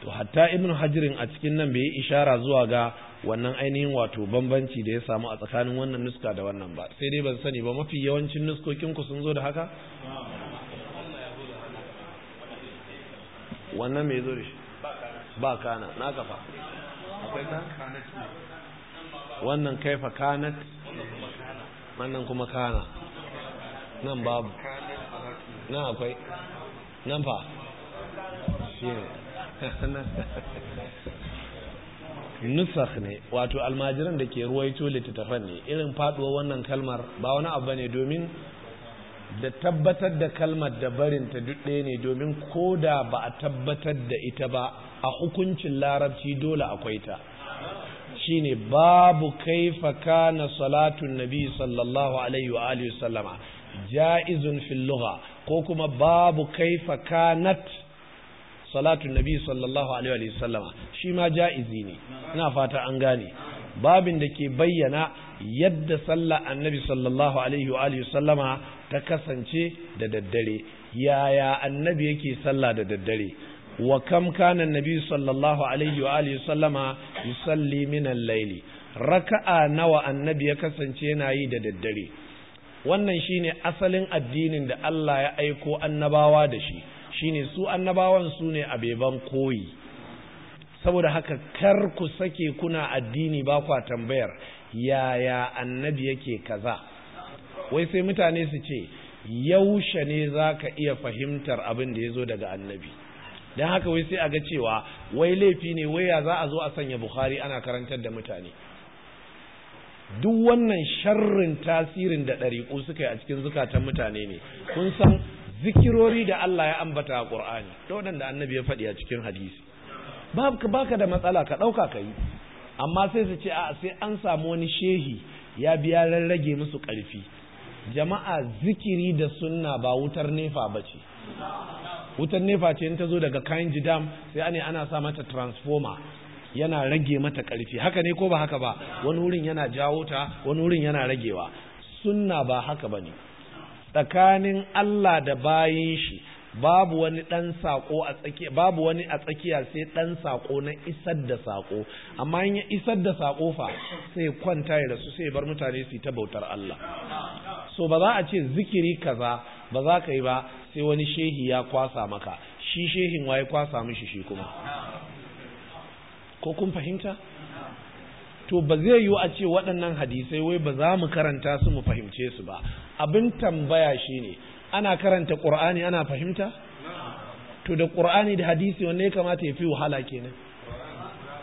to hatta ibnu hajirin a cikin nan bai yi ishara zuwa ga wannan ainihin wato bambanci da ya samu a tsakanin wannan nuska da wannan ba sai dai ban sani ba mafi yawancin nuskokin ku sun zo da haka wannan mai zo da shi ba kana na kafa akwai kana wannan kaifa kanat wannan kuma kana nan babu nan akwai nan fa nusakh ne wato almajiran da ke ruwaito littattafan ne irin faduwa wannan kalmar ba wani abu ne domin da tabbatar da kalmar da barinta duk ɗaya ne domin ko da ba a tabbatar da ita ba a hukuncin larabci dole akwai ta shine babu kai kaifa kana salatun nabi sallallahu alaihi wa alihi sallama ja'izun fil ko kuma babu kaifa kanat salatu nabi sallallahu alaihi wa sallama shi ma ja'izi ne ina fata an gane babin da ke bayyana yadda sallah annabi sallallahu alaihi wa sallama ta kasance da daddare yaya annabi yake sallah da daddare wa kam kana annabi sallallahu alaihi wa sallama yusalli min al raka'a nawa annabi ya kasance yana yi da daddare wannan shine asalin addinin da Allah ya aiko annabawa da shi shine su annabawan su ne abeban koyi saboda haka kar ku sake kuna addini ba kwa tambayar yaya annabi yake kaza wai sai mutane su ce yaushe ne za ka iya fahimtar abin da ya zo daga annabi don haka wai sai a ga cewa wai laifi ne wai ya za a zo a sanya bukhari ana karantar da mutane duk wannan sharrin tasirin da ɗariƙu suka yi a cikin zukatan mutane ne kun san zikirori da Allah ya ambata a ƙur'ani da waɗanda annabi ya faɗi a cikin hadisi Ba baka da matsala ka ɗauka ka yi amma sai su ce a sai an samu wani shehi ya biya rarrage musu ƙarfi jama'a zikiri da sunna ba wutar nefa ba ce wutar nefa ce in ta zo daga kayan jidam sai ne ana sa mata transformer yana rage mata ƙarfi haka ne ko ba haka ba wani wurin yana jawo ta wani wurin yana ragewa sunna ba haka ba ne tsakanin Allah da bayin shi babu wani dan sako a tsakiya babu wani a tsakiya sai ɗan sako na isar da sako amma in ya isar da sako fa sai kwanta ya rasu sai bar mutane su yi ta bautar Allah so ba za a ce zikiri kaza ba za ka yi ba sai wani shehi ya kwasa maka shi shehin waye kwasa mishi shi kuma ko kun fahimta to ba zai yiwu a ce waɗannan hadisai wai ba za mu karanta su mu fahimce su ba abin tambaya shi ne. ana karanta ƙur'ani ana fahimta to da ƙur'ani da hadisi wanne ya kamata ya fi wahala kenan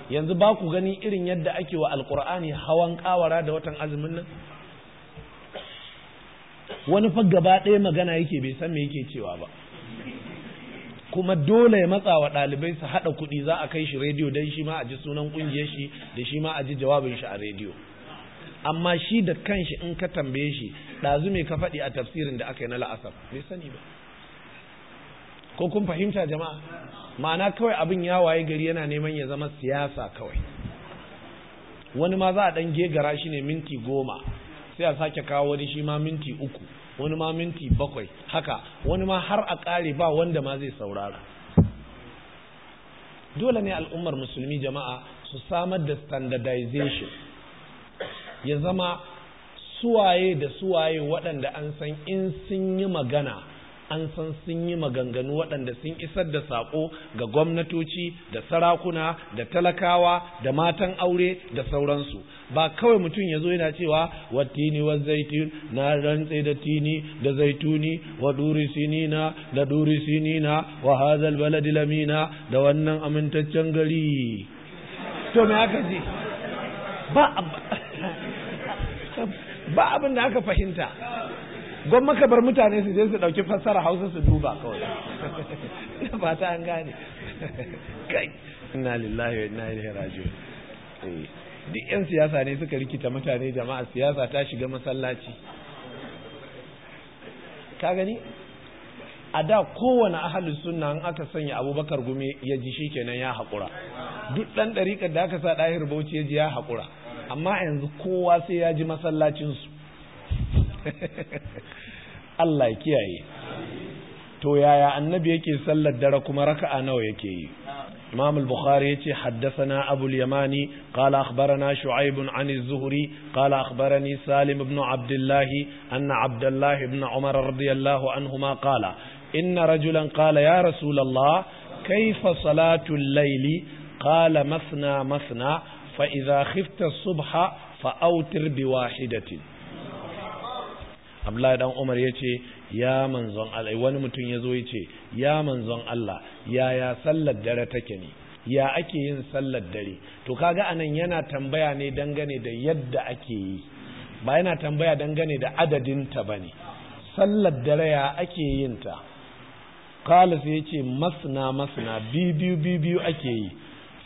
yanzu ba ku gani irin yadda ake wa alƙur'ani hawan ƙawara da watan azumin nan wani fa gaba ɗaya magana yake bai san me yake cewa ba kuma dole ya matsa wa ɗalibai su haɗa kuɗi za a kai shi rediyo don shi ma a ji sunan ƙungiyar shi da shi ma a ji jawabin shi a rediyo amma shi da kanshi in ka tambaye shi ɗazu me ka faɗi a tafsirin da aka yi na la'asar bai sani ba ko kun fahimta jama'a ma'ana kawai abin ya waye gari yana neman ya zama siyasa kawai wani ma za a ɗan gegara shi ne minti goma sai a sake kawo wani shi ma minti uku wani ma minti bakwai haka wani ma har a ƙare ba wanda ma zai saurara dole ne al'ummar musulmi jama'a su samar da standardization ya zama suwaye da suwaye waɗanda an san in sun yi magana an san sun yi maganganu waɗanda sun isar da saƙo ga gwamnatoci da sarakuna da talakawa da matan aure da sauransu ba kawai mutum ya zo yana cewa wa tini wa zaitun na rantse da tini da zaituni wa duri sinina da duri sinina wa hazal baladi lamina da wannan amintaccen gari to me aka ji ba abin da aka fahimta gwan maka bar mutane su je su dauki fassara hausa su duba kawai ba ta an gane kai inna lillahi wa inna ilaihi raji'un eh, duk yan siyasa ne suka rikita mutane jama'a siyasa ta shiga masallaci ka gani a da kowane ahalin sunna an aka sanya abubakar gumi ya ji shi kenan ya haƙura duk ɗan ɗariƙar da aka sa ɗahir bauchi ya ji ya haƙura amma yanzu kowa sai ya ji masallacinsu Allah ya kiyaye to yaya annabi yake sallar dare kuma raka nawa yake yi imam al-bukhari yace haddathana abul yamani qala akhbarana shu'aib an zuhri qala akhbarani salim ibn abdullah anna abdullah ibn umar radiyallahu anhuma qala inna rajulan qala ya rasul allah kayfa salatu al-layli qala mathna mathna fa idha khifta subha fa awtir bi wahidatin Abdullahi dan Umar yace ya manzon Allah wani mutum yazo yace ya ce manzon Allah yaya sallar dare take ne ya ake yin sallar dare to kaga anan yana tambaya ne dangane da yadda ake yi ba yana tambaya dangane da adadin ta bane sallar dare ya ake yin ta qala sai yace masna masna bibiyu bibiyu ake yi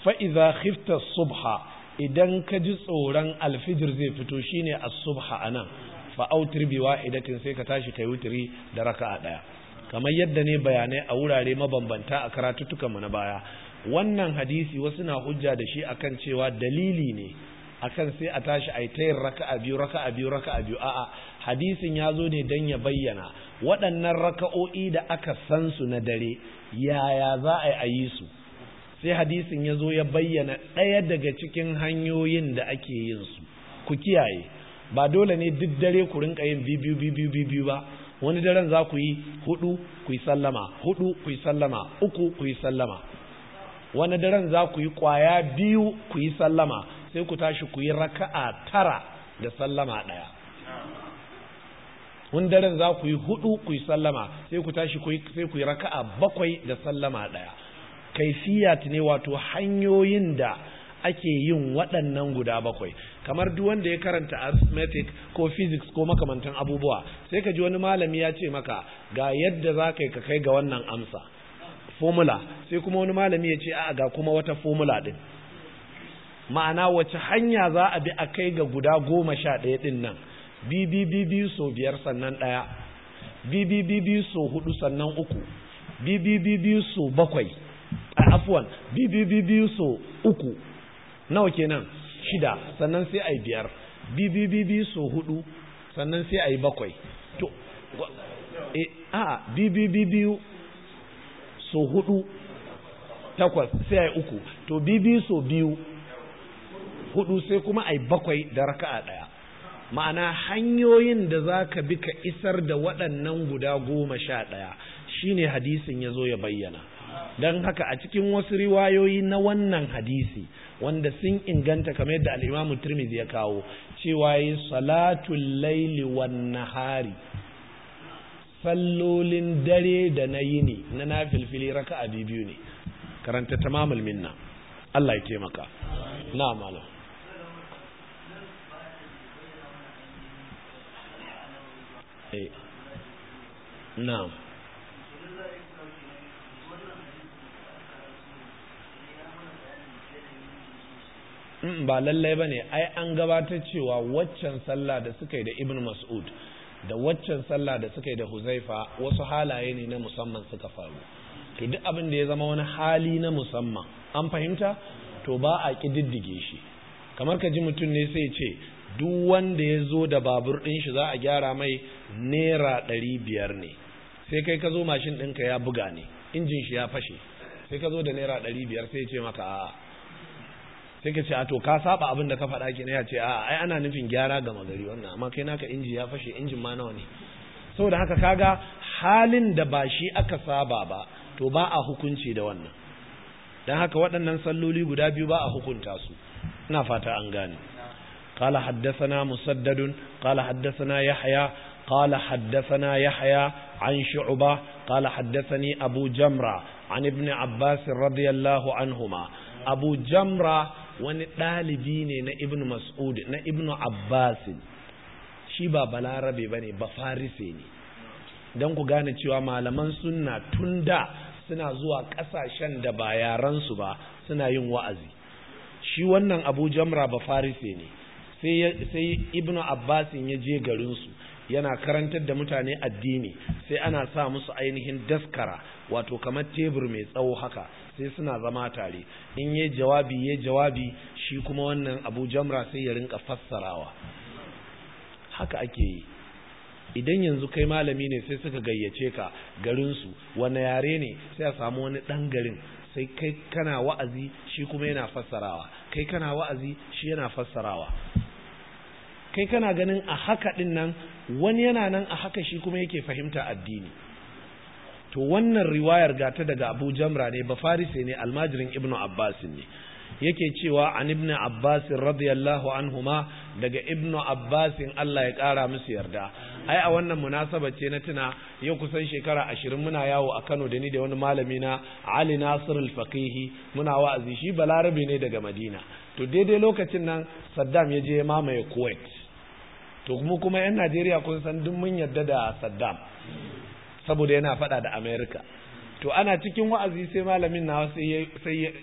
fa idza khifta subha idan ka ji tsoron alfijir zai fito shine as-subha anan fa autir bi wahidatin sai ka tashi kai wutiri da raka'a ɗaya. kamar yadda ne bayanai a wurare mabambanta a karatuttukan mu na baya wannan hadisi wasu na hujja da shi akan cewa dalili ne akan sai a tashi a yi raka'a biyu raka'a biyu raka'a biyu a'a hadisin ya zo ne don ya bayyana waɗannan raka'o'i da aka san su na dare yaya za a yi su sai hadisin ya zo ya bayyana ɗaya daga cikin hanyoyin da ake yin su ku kiyaye ba dole ne duk dare ku rinka yin biyu biyu biyu ba wani daren za ku yi hudu ku yi sallama hudu ku yi sallama uku ku yi sallama wani daren za ku yi kwaya biyu ku yi sallama sai ku tashi ku yi raka'a tara da sallama ɗaya wani daren za ku yi hudu ku yi sallama sai ku tashi sai ku yi raka'a bakwai da sallama ɗaya kaifiyat ne wato hanyoyin da ake yin waɗannan guda bakwai kamar duk wanda ya karanta arithmetic ko physics ko makamantan abubuwa sai ka ji wani malami ya ce maka ga yadda za ka yi ka kai ga wannan amsa formula sai kuma wani malami ya ce a ga kuma wata formula din ma'ana wace hanya za a bi a kai ga guda goma sha ɗaya ɗin nan biyu so biyar sannan ɗaya biyu so hudu sannan uku biyu so bakwai a afuwan biyu so uku nawa kenan shida sannan sai ai biyar bibibibi so hudu sannan sai ai bakwai to e a bibibibi so hudu takwas sai ai uku to bibi so biyu hudu sai kuma ai bakwai da raka'a daya ma'ana hanyoyin da za ka bi ka isar da waɗannan guda goma sha ɗaya shine hadisin ya zo ya bayyana don haka a cikin wasu riwayoyi na wannan hadisi wanda sun inganta kamar yadda al-Imam Tirmidhi ya kawo cewa yi salatun laili wan nahari sallolin dare da na yi ne na nafilfili a biyu ne karanta mamulmin minna Allah ya taimaka na malam eh. na'am Mm, ba lallai ba ne ai an gabatar cewa waccan sallah da suka yi da ibn mas'ud da waccan sallah da suka yi da huzaifa wasu halaye ne na musamman suka faru to duk abin da ya zama wani hali na musamman an fahimta to ba a ƙididdige shi kamar ka ji mutum ne sai ce duk wanda ya zo da babur ɗin shi za a gyara mai naira ɗari biyar ne sai kai ka zo mashin ɗinka ya buga ne injin shi ya fashe sai ka zo da naira ɗari biyar sai ce maka a'a sai ka ce a to ka saba abin da ka faɗa ki ne ya ce a ai ana nufin gyara ga magari wannan amma kai naka inji ya fashe injin ma nawa ne saboda haka kaga halin da ba shi aka saba ba to ba a hukunci da wannan dan haka waɗannan salloli guda biyu ba a hukunta su ina fata an gane قال حدثنا مسدد قال حدثنا يحيى قال حدثنا يحيى عن شعبة قال حدثني أبو جمرة عن ابن عباس رضي الله عنهما أبو جمرة wani ɗalibi ne na ibn mas'ud na ibn abbas shi ba balarabe ba ne ba farise ne don ku gane cewa malaman sunna tun da suna zuwa ƙasashen da ba yaran su ba suna yin wa'azi shi wannan abu jamra ba farise ne sai ibn abbasin ya je garinsu yana karantar da mutane addini sai ana sa musu ainihin daskara wato kamar tebur mai tsawo haka sai suna zama tare in yi jawabi ya jawabi shi kuma wannan abu jamra sai ya rinka fassarawa haka ake yi idan yanzu kai malami ne sai suka gayyace ka garinsu wani yare ne sai a samu wani ɗan garin sai kai kana wa'azi shi kuma yana fassarawa kai kana wa'azi shi yana fassarawa kai kana ganin a haka ɗin nan wani yana nan a haka shi kuma yake fahimta addini to wannan riwayar gata daga Abu Jamra ne ba Farise ne almajirin ibnu Abbas ne yake cewa an Ibn Abbas radiyallahu anhuma daga ibnu Abbas Allah ya kara musu yarda ai a wannan munasaba ce na tuna yau kusan shekara ashirin muna yawo a Kano da ni da wani malami na Ali Nasir al muna wa'azi shi balarabe ne daga Madina to daidai lokacin nan Saddam ya je mamaye Kuwait to kuma kuma yan Najeriya kun san duk mun yarda da Saddam saboda yana faɗa da america to ana cikin wa'azi sai malamin na sai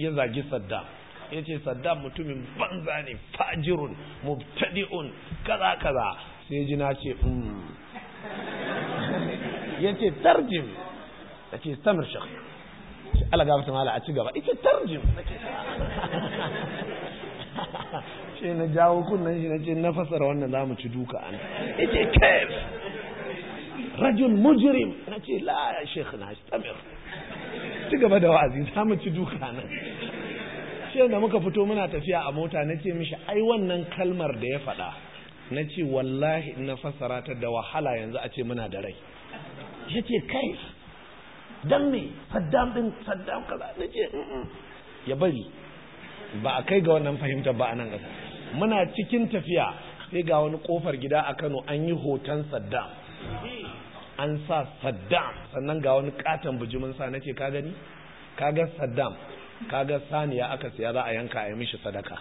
ya zagi saddam ya ce saddam mutumin banza ne fajirun mubtadi'un kaza kaza sai ji na ce mm. ya ce tarjim ya ce samir shak ala gafata mala a ci gaba ce tarjim ce ah. na jawo kunnen shi na ce na fasara wannan za mu ci duka an ce kef rajul mujrim na ce la ya shekhu na istamir ci gaba da wa'azi za mu ci duka nan shi da muka fito muna tafiya a mota na ce mishi ai wannan kalmar da ya faɗa na ce wallahi na fassara ta da wahala yanzu a ce muna da rai ya ce kai don me saddam din saddam kaza na ce ya bari ba a kai ga wannan fahimtar ba a nan ƙasa muna cikin tafiya sai ga wani kofar gida a kano an yi hoton saddam an sa saddam sannan ga wani katon bujumin sa nace ka gani kaga saddam kaga saniya aka siya za a yanka a yi mishi sadaka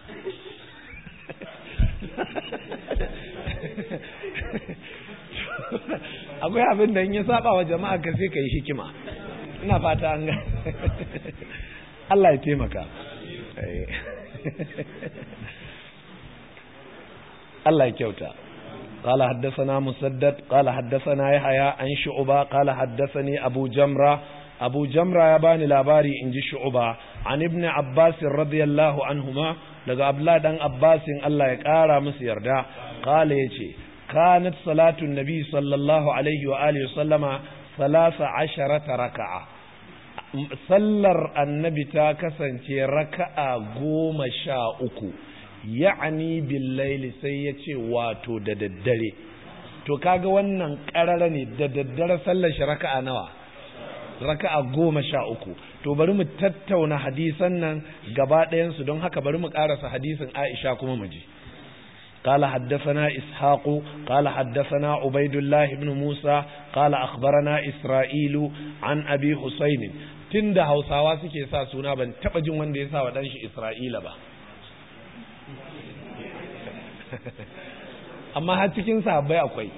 akwai abin da in yi saba wa jama'a ka sai ka yi hikima ina fata an ga Allah ya taimaka eh. Allah ya kyauta قال حدثنا مسدد قال حدثنا يحيى عن شعبة قال حدثني أبو جمرة أبو جمرة يباني لاباري إنجي شعبة عن ابن عباس رضي الله عنهما لقى أبلا دان عباس الله يكارا مسير دا قال يجي كانت صلاة النبي صلى الله عليه وآله وسلم ثلاث عشرة ركعة sallar annabi ta kasance raka'a goma sha uku ya'ani billaili sai ya ce wato da daddare to kaga wannan karara ne da daddare sallar shi raka'a nawa raka'a goma sha uku to bari mu tattauna hadisan nan gaba ɗayansu don haka bari mu ƙarasa hadisin aisha kuma mu ji قال حدثنا إسحاق قال حدثنا عبيد الله بن موسى قال أخبرنا إسرائيل عن أبي حسين تند هوساوا suke sa suna ban taba jin wanda ya sa wa dan shi Isra'ila ba amma har cikin sahabbai akwai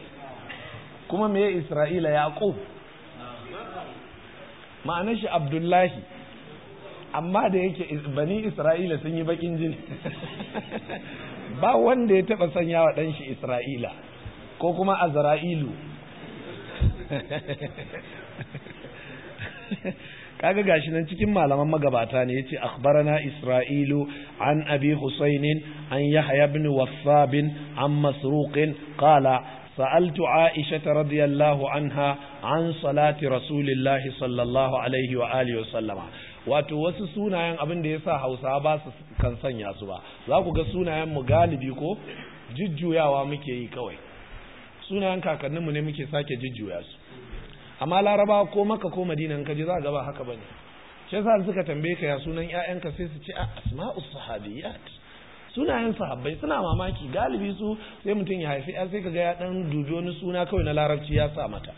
kuma me isra'ila yaqub ma'anar shi abdullahi amma da yake bani isra'ila sun yi bakin jini ba wanda ya taba sanya wa dan shi isra'ila ko kuma azra'ilu kaga gashi nan cikin malaman magabata ne yace akhbarana isra'ilu an abi husayn an yahya ibn wassab an masruq qala Sa'altu Aisha, رضي anha an salati rasulillahi sallallahu alaihi wa alihi عليه wato wasu sunayen abin da ya sa ba su kan sanya su ba za ku ga sunayen mu galibi ko jujjuyawa muke yi kawai sunayen kakanninmu ne muke sake jujjuya su amma laraba ko maka ko madina in ka je za ga ba haka bane shi yasa suka tambaye ka ya sunan ƴaƴanka sai su ce a asma'us sahabiyat sunayen sahabbai suna mamaki galibi su sai mutum ya haifi sai ka ga ya dan dubi wani suna kawai na larabci ya sa mata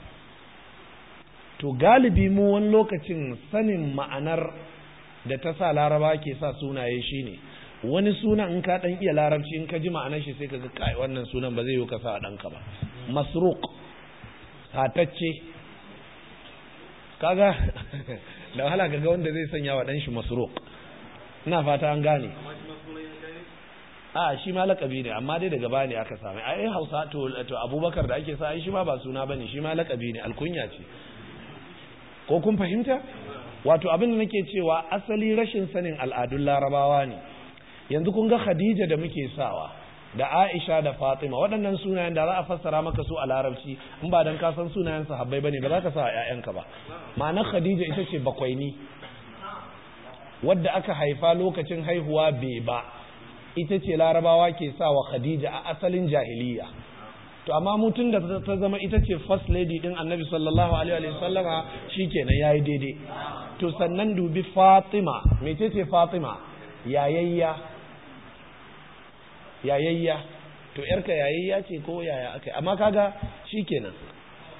to galibi mu wani lokacin sanin ma'anar da ta sa laraba ke sa sunaye shine wani suna in ka dan iya larabci in ka ji ma'anar shi sai ka ga kai wannan sunan ba zai yi ka sa danka ba masruq hatacce kaga da wahala kaga wanda zai sanya wa dan shi masruq ina fata an gane a shi ma lakabi ne amma dai daga bani aka same ai Hausa to Abubakar da ake sa shi ma ba suna bane shi ma lakabi ne alkunya ce ko kun fahimta wato abin da nake cewa asali rashin sanin al'adun Larabawa ne yanzu kun ga Khadija da muke sawa da Aisha da Fatima waɗannan sunayen da za a fassara maka su a larabci in ba dan ka san sunayen sahabbai bane ba za ka sa a ƴaƴanka ba ma'ana Khadija ita ce bakwaini wadda aka haifa lokacin haihuwa be ba ita ce larabawa ke sa wa Khadija a asalin jahiliya to amma mutum da ta zama ita ce first lady din annabi sallallahu alaihi wa sallama shikenan yayi daidai to sannan dubi Fatima ce ce Fatima yayayya yayayya to yarka yayayya ce ko yaya aka amma kaga shikenan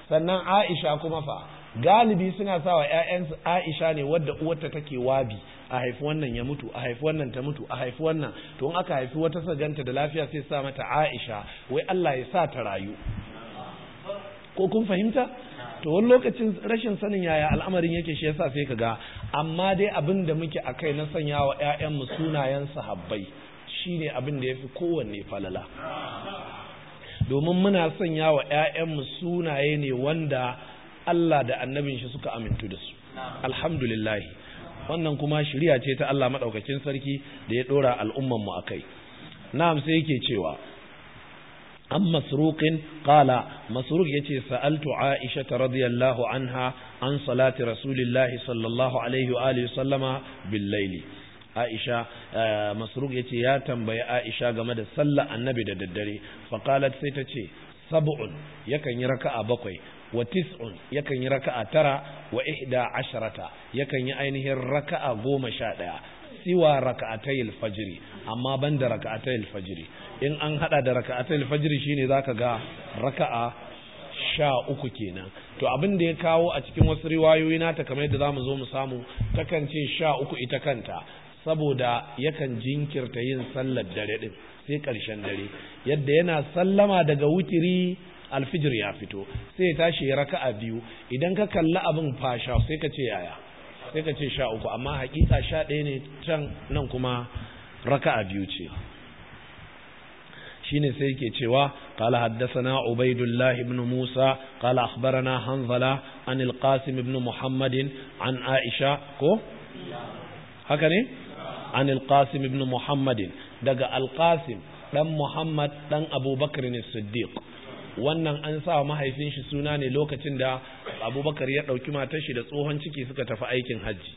sannan Aisha kuma fa galibi suna sawa ƴaƴansu Aisha ne wadda uwarta take wabi a haifi wannan ya mutu a haifi wannan ta mutu a haifi wannan to in aka haifi wata saganta da lafiya sai sa mata Aisha wai Allah ya sa ta rayu ko kun fahimta to wani lokacin rashin sanin yaya al'amarin yake shi yasa sai ka ga amma dai abin da muke akai na sanya wa mu sunayen sahabbai Shi ne abin da ya fi kowanne falala domin muna sanya wa ƴaƴanmu sunaye ne wanda Allah da annabin shi suka amintu da su alhamdulillahi. wannan kuma shirya ce ta Allah maɗaukacin sarki da ya ɗora al’ummanmu mu kai na'am sai yake cewa an ƙala masuruk masruq yace sa'altu aisha radiyallahu anha an salati rasulillahi sallallahu alaihi wa sallama Aisha eh, Masruq yace ya tambayi Aisha game da sallar Annabi da daddare faqalat sai ta ce sab'un yakan yi raka'a bakwai wa tis'un yakan yi raka'a tara wa ihda asharata yakan yi ainihin raka'a goma sha ɗaya siwa raka'atayil fajiri amma banda raka'atayil fajiri in an hada da raka'atayil fajiri shine zaka ga raka'a sha uku kenan to abin da ya kawo a cikin wasu riwayoyi nata kamar yadda zamu zo mu samu takan ce sha uku ita kanta saboda yakan jinkirta yin sallar dare din sai ƙarshen dare yadda yana sallama daga wutiri alfijir ya fito sai ya tashi raka'a biyu idan ka kalli abin fasha sai ka ce yaya sai ka ce sha uku amma hakika sha ɗaya ne can nan kuma raka'a biyu ce shine sai ke cewa qala haddathana ubaidullah ibn musa qala akhbarana hanzala an alqasim ibn muhammadin an aisha ko haka ne an al-Qasim ibn muhammadin daga al-Qasim dan muhammad dan abubakar ne siddiq wannan an sa mahaifin shi suna ne lokacin da abubakar ya ɗauki matar shi da tsohon ciki suka tafi aikin hajji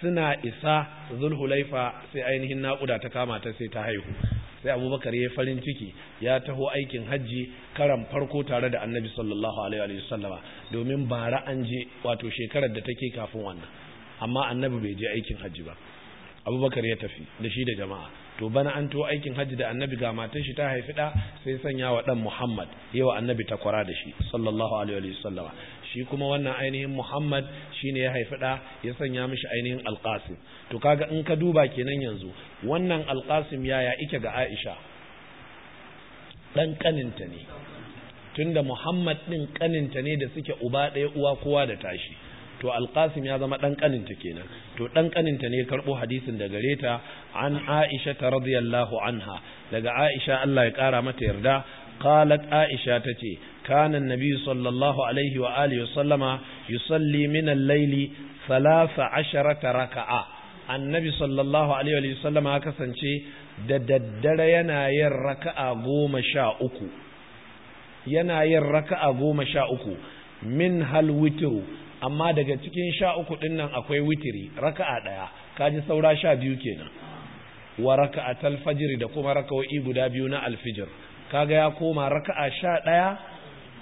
suna isa zulhulaifa sai ainihin naƙuda ta kama ta sai ta haihu sai abubakar ya farin ciki ya taho aikin hajji karan farko tare da annabi sallallahu alaihi wasallama domin bara an je wato shekarar da take kafin wannan amma annabi bai je aikin hajji ba abubakar ya tafi da shi da jama'a to bana an to aikin hajji da annabi ga matan shi ta haifi da sai sanya wa dan muhammad yawa annabi ta kwara da shi sallallahu alaihi wa sallama shi kuma wannan ainihin muhammad shi ne ya haifi da ya sanya mishi ainihin alqasim to kaga in ka duba kenan yanzu wannan alqasim yaya ike ga aisha dan kaninta ne tunda muhammad din kaninta ne da suke uba ɗaya uwa kowa da tashi to alqasim ya zama dan kaninta kenan to dan kaninta ne karbo hadisin da gareta an aisha ta radiyallahu anha daga aisha Allah ya kara mata yarda qalat aisha tace kana annabi sallallahu alaihi wa alihi wa sallama yusalli min al-layli 13 raka'a annabi sallallahu alaihi wa sallama ya kasance da daddare yana yin raka'a goma sha uku yana yin raka'a goma sha uku min hal witru amma daga cikin sha uku ɗin nan akwai witiri raka'a ɗaya kaji saura sha biyu kenan wa raka'a talfajiri da kuma raka'o'i guda biyu na alfijir kaga ya koma raka'a sha ɗaya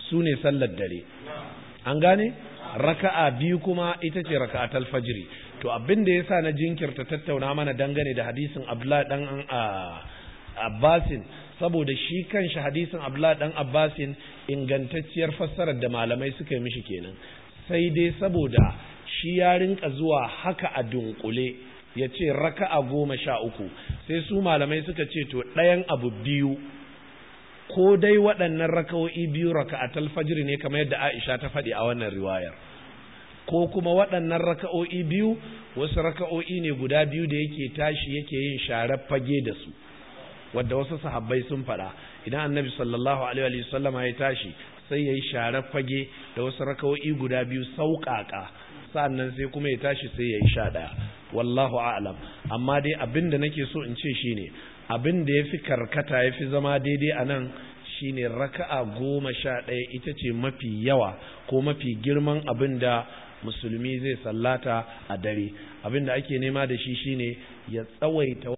su ne sallar dare an gane raka'a biyu kuma ita ce raka'a fajiri. to abin da yasa na jinkirta tattauna mana dangane da hadisin abdullahi dan abbasin saboda shi kanshi hadisin abla dan abbasin ingantacciyar fassarar da malamai suka yi mishi kenan sai dai saboda shi ya rinka zuwa haka a dunkule ya ce raka'a goma sha uku sai su malamai suka ce to ɗayan abu biyu ko dai waɗannan raka'o'i biyu a fajr ne kamar yadda Aisha ta faɗi a wannan riwayar ko kuma waɗannan raka'o'i biyu wasu raka'o'i ne guda biyu da yake tashi yake yin sharar fage da su wadda wasu sahabbai sun faɗa idan annabi sallallahu alaihi wa sallama ya tashi sai ya yi share fage da wasu raka'o'i guda biyu sauƙaƙa sa'annan sai kuma ya tashi sai ya yi sha ɗaya wallahu a'lam amma dai abin da nake so in ce shine abin da ya fi karkata ya fi zama daidai a nan shine raka'a goma sha ɗaya ita ce mafi yawa ko mafi girman abin da musulmi zai sallata a dare abin da ake nema da shi shine ya tsawaita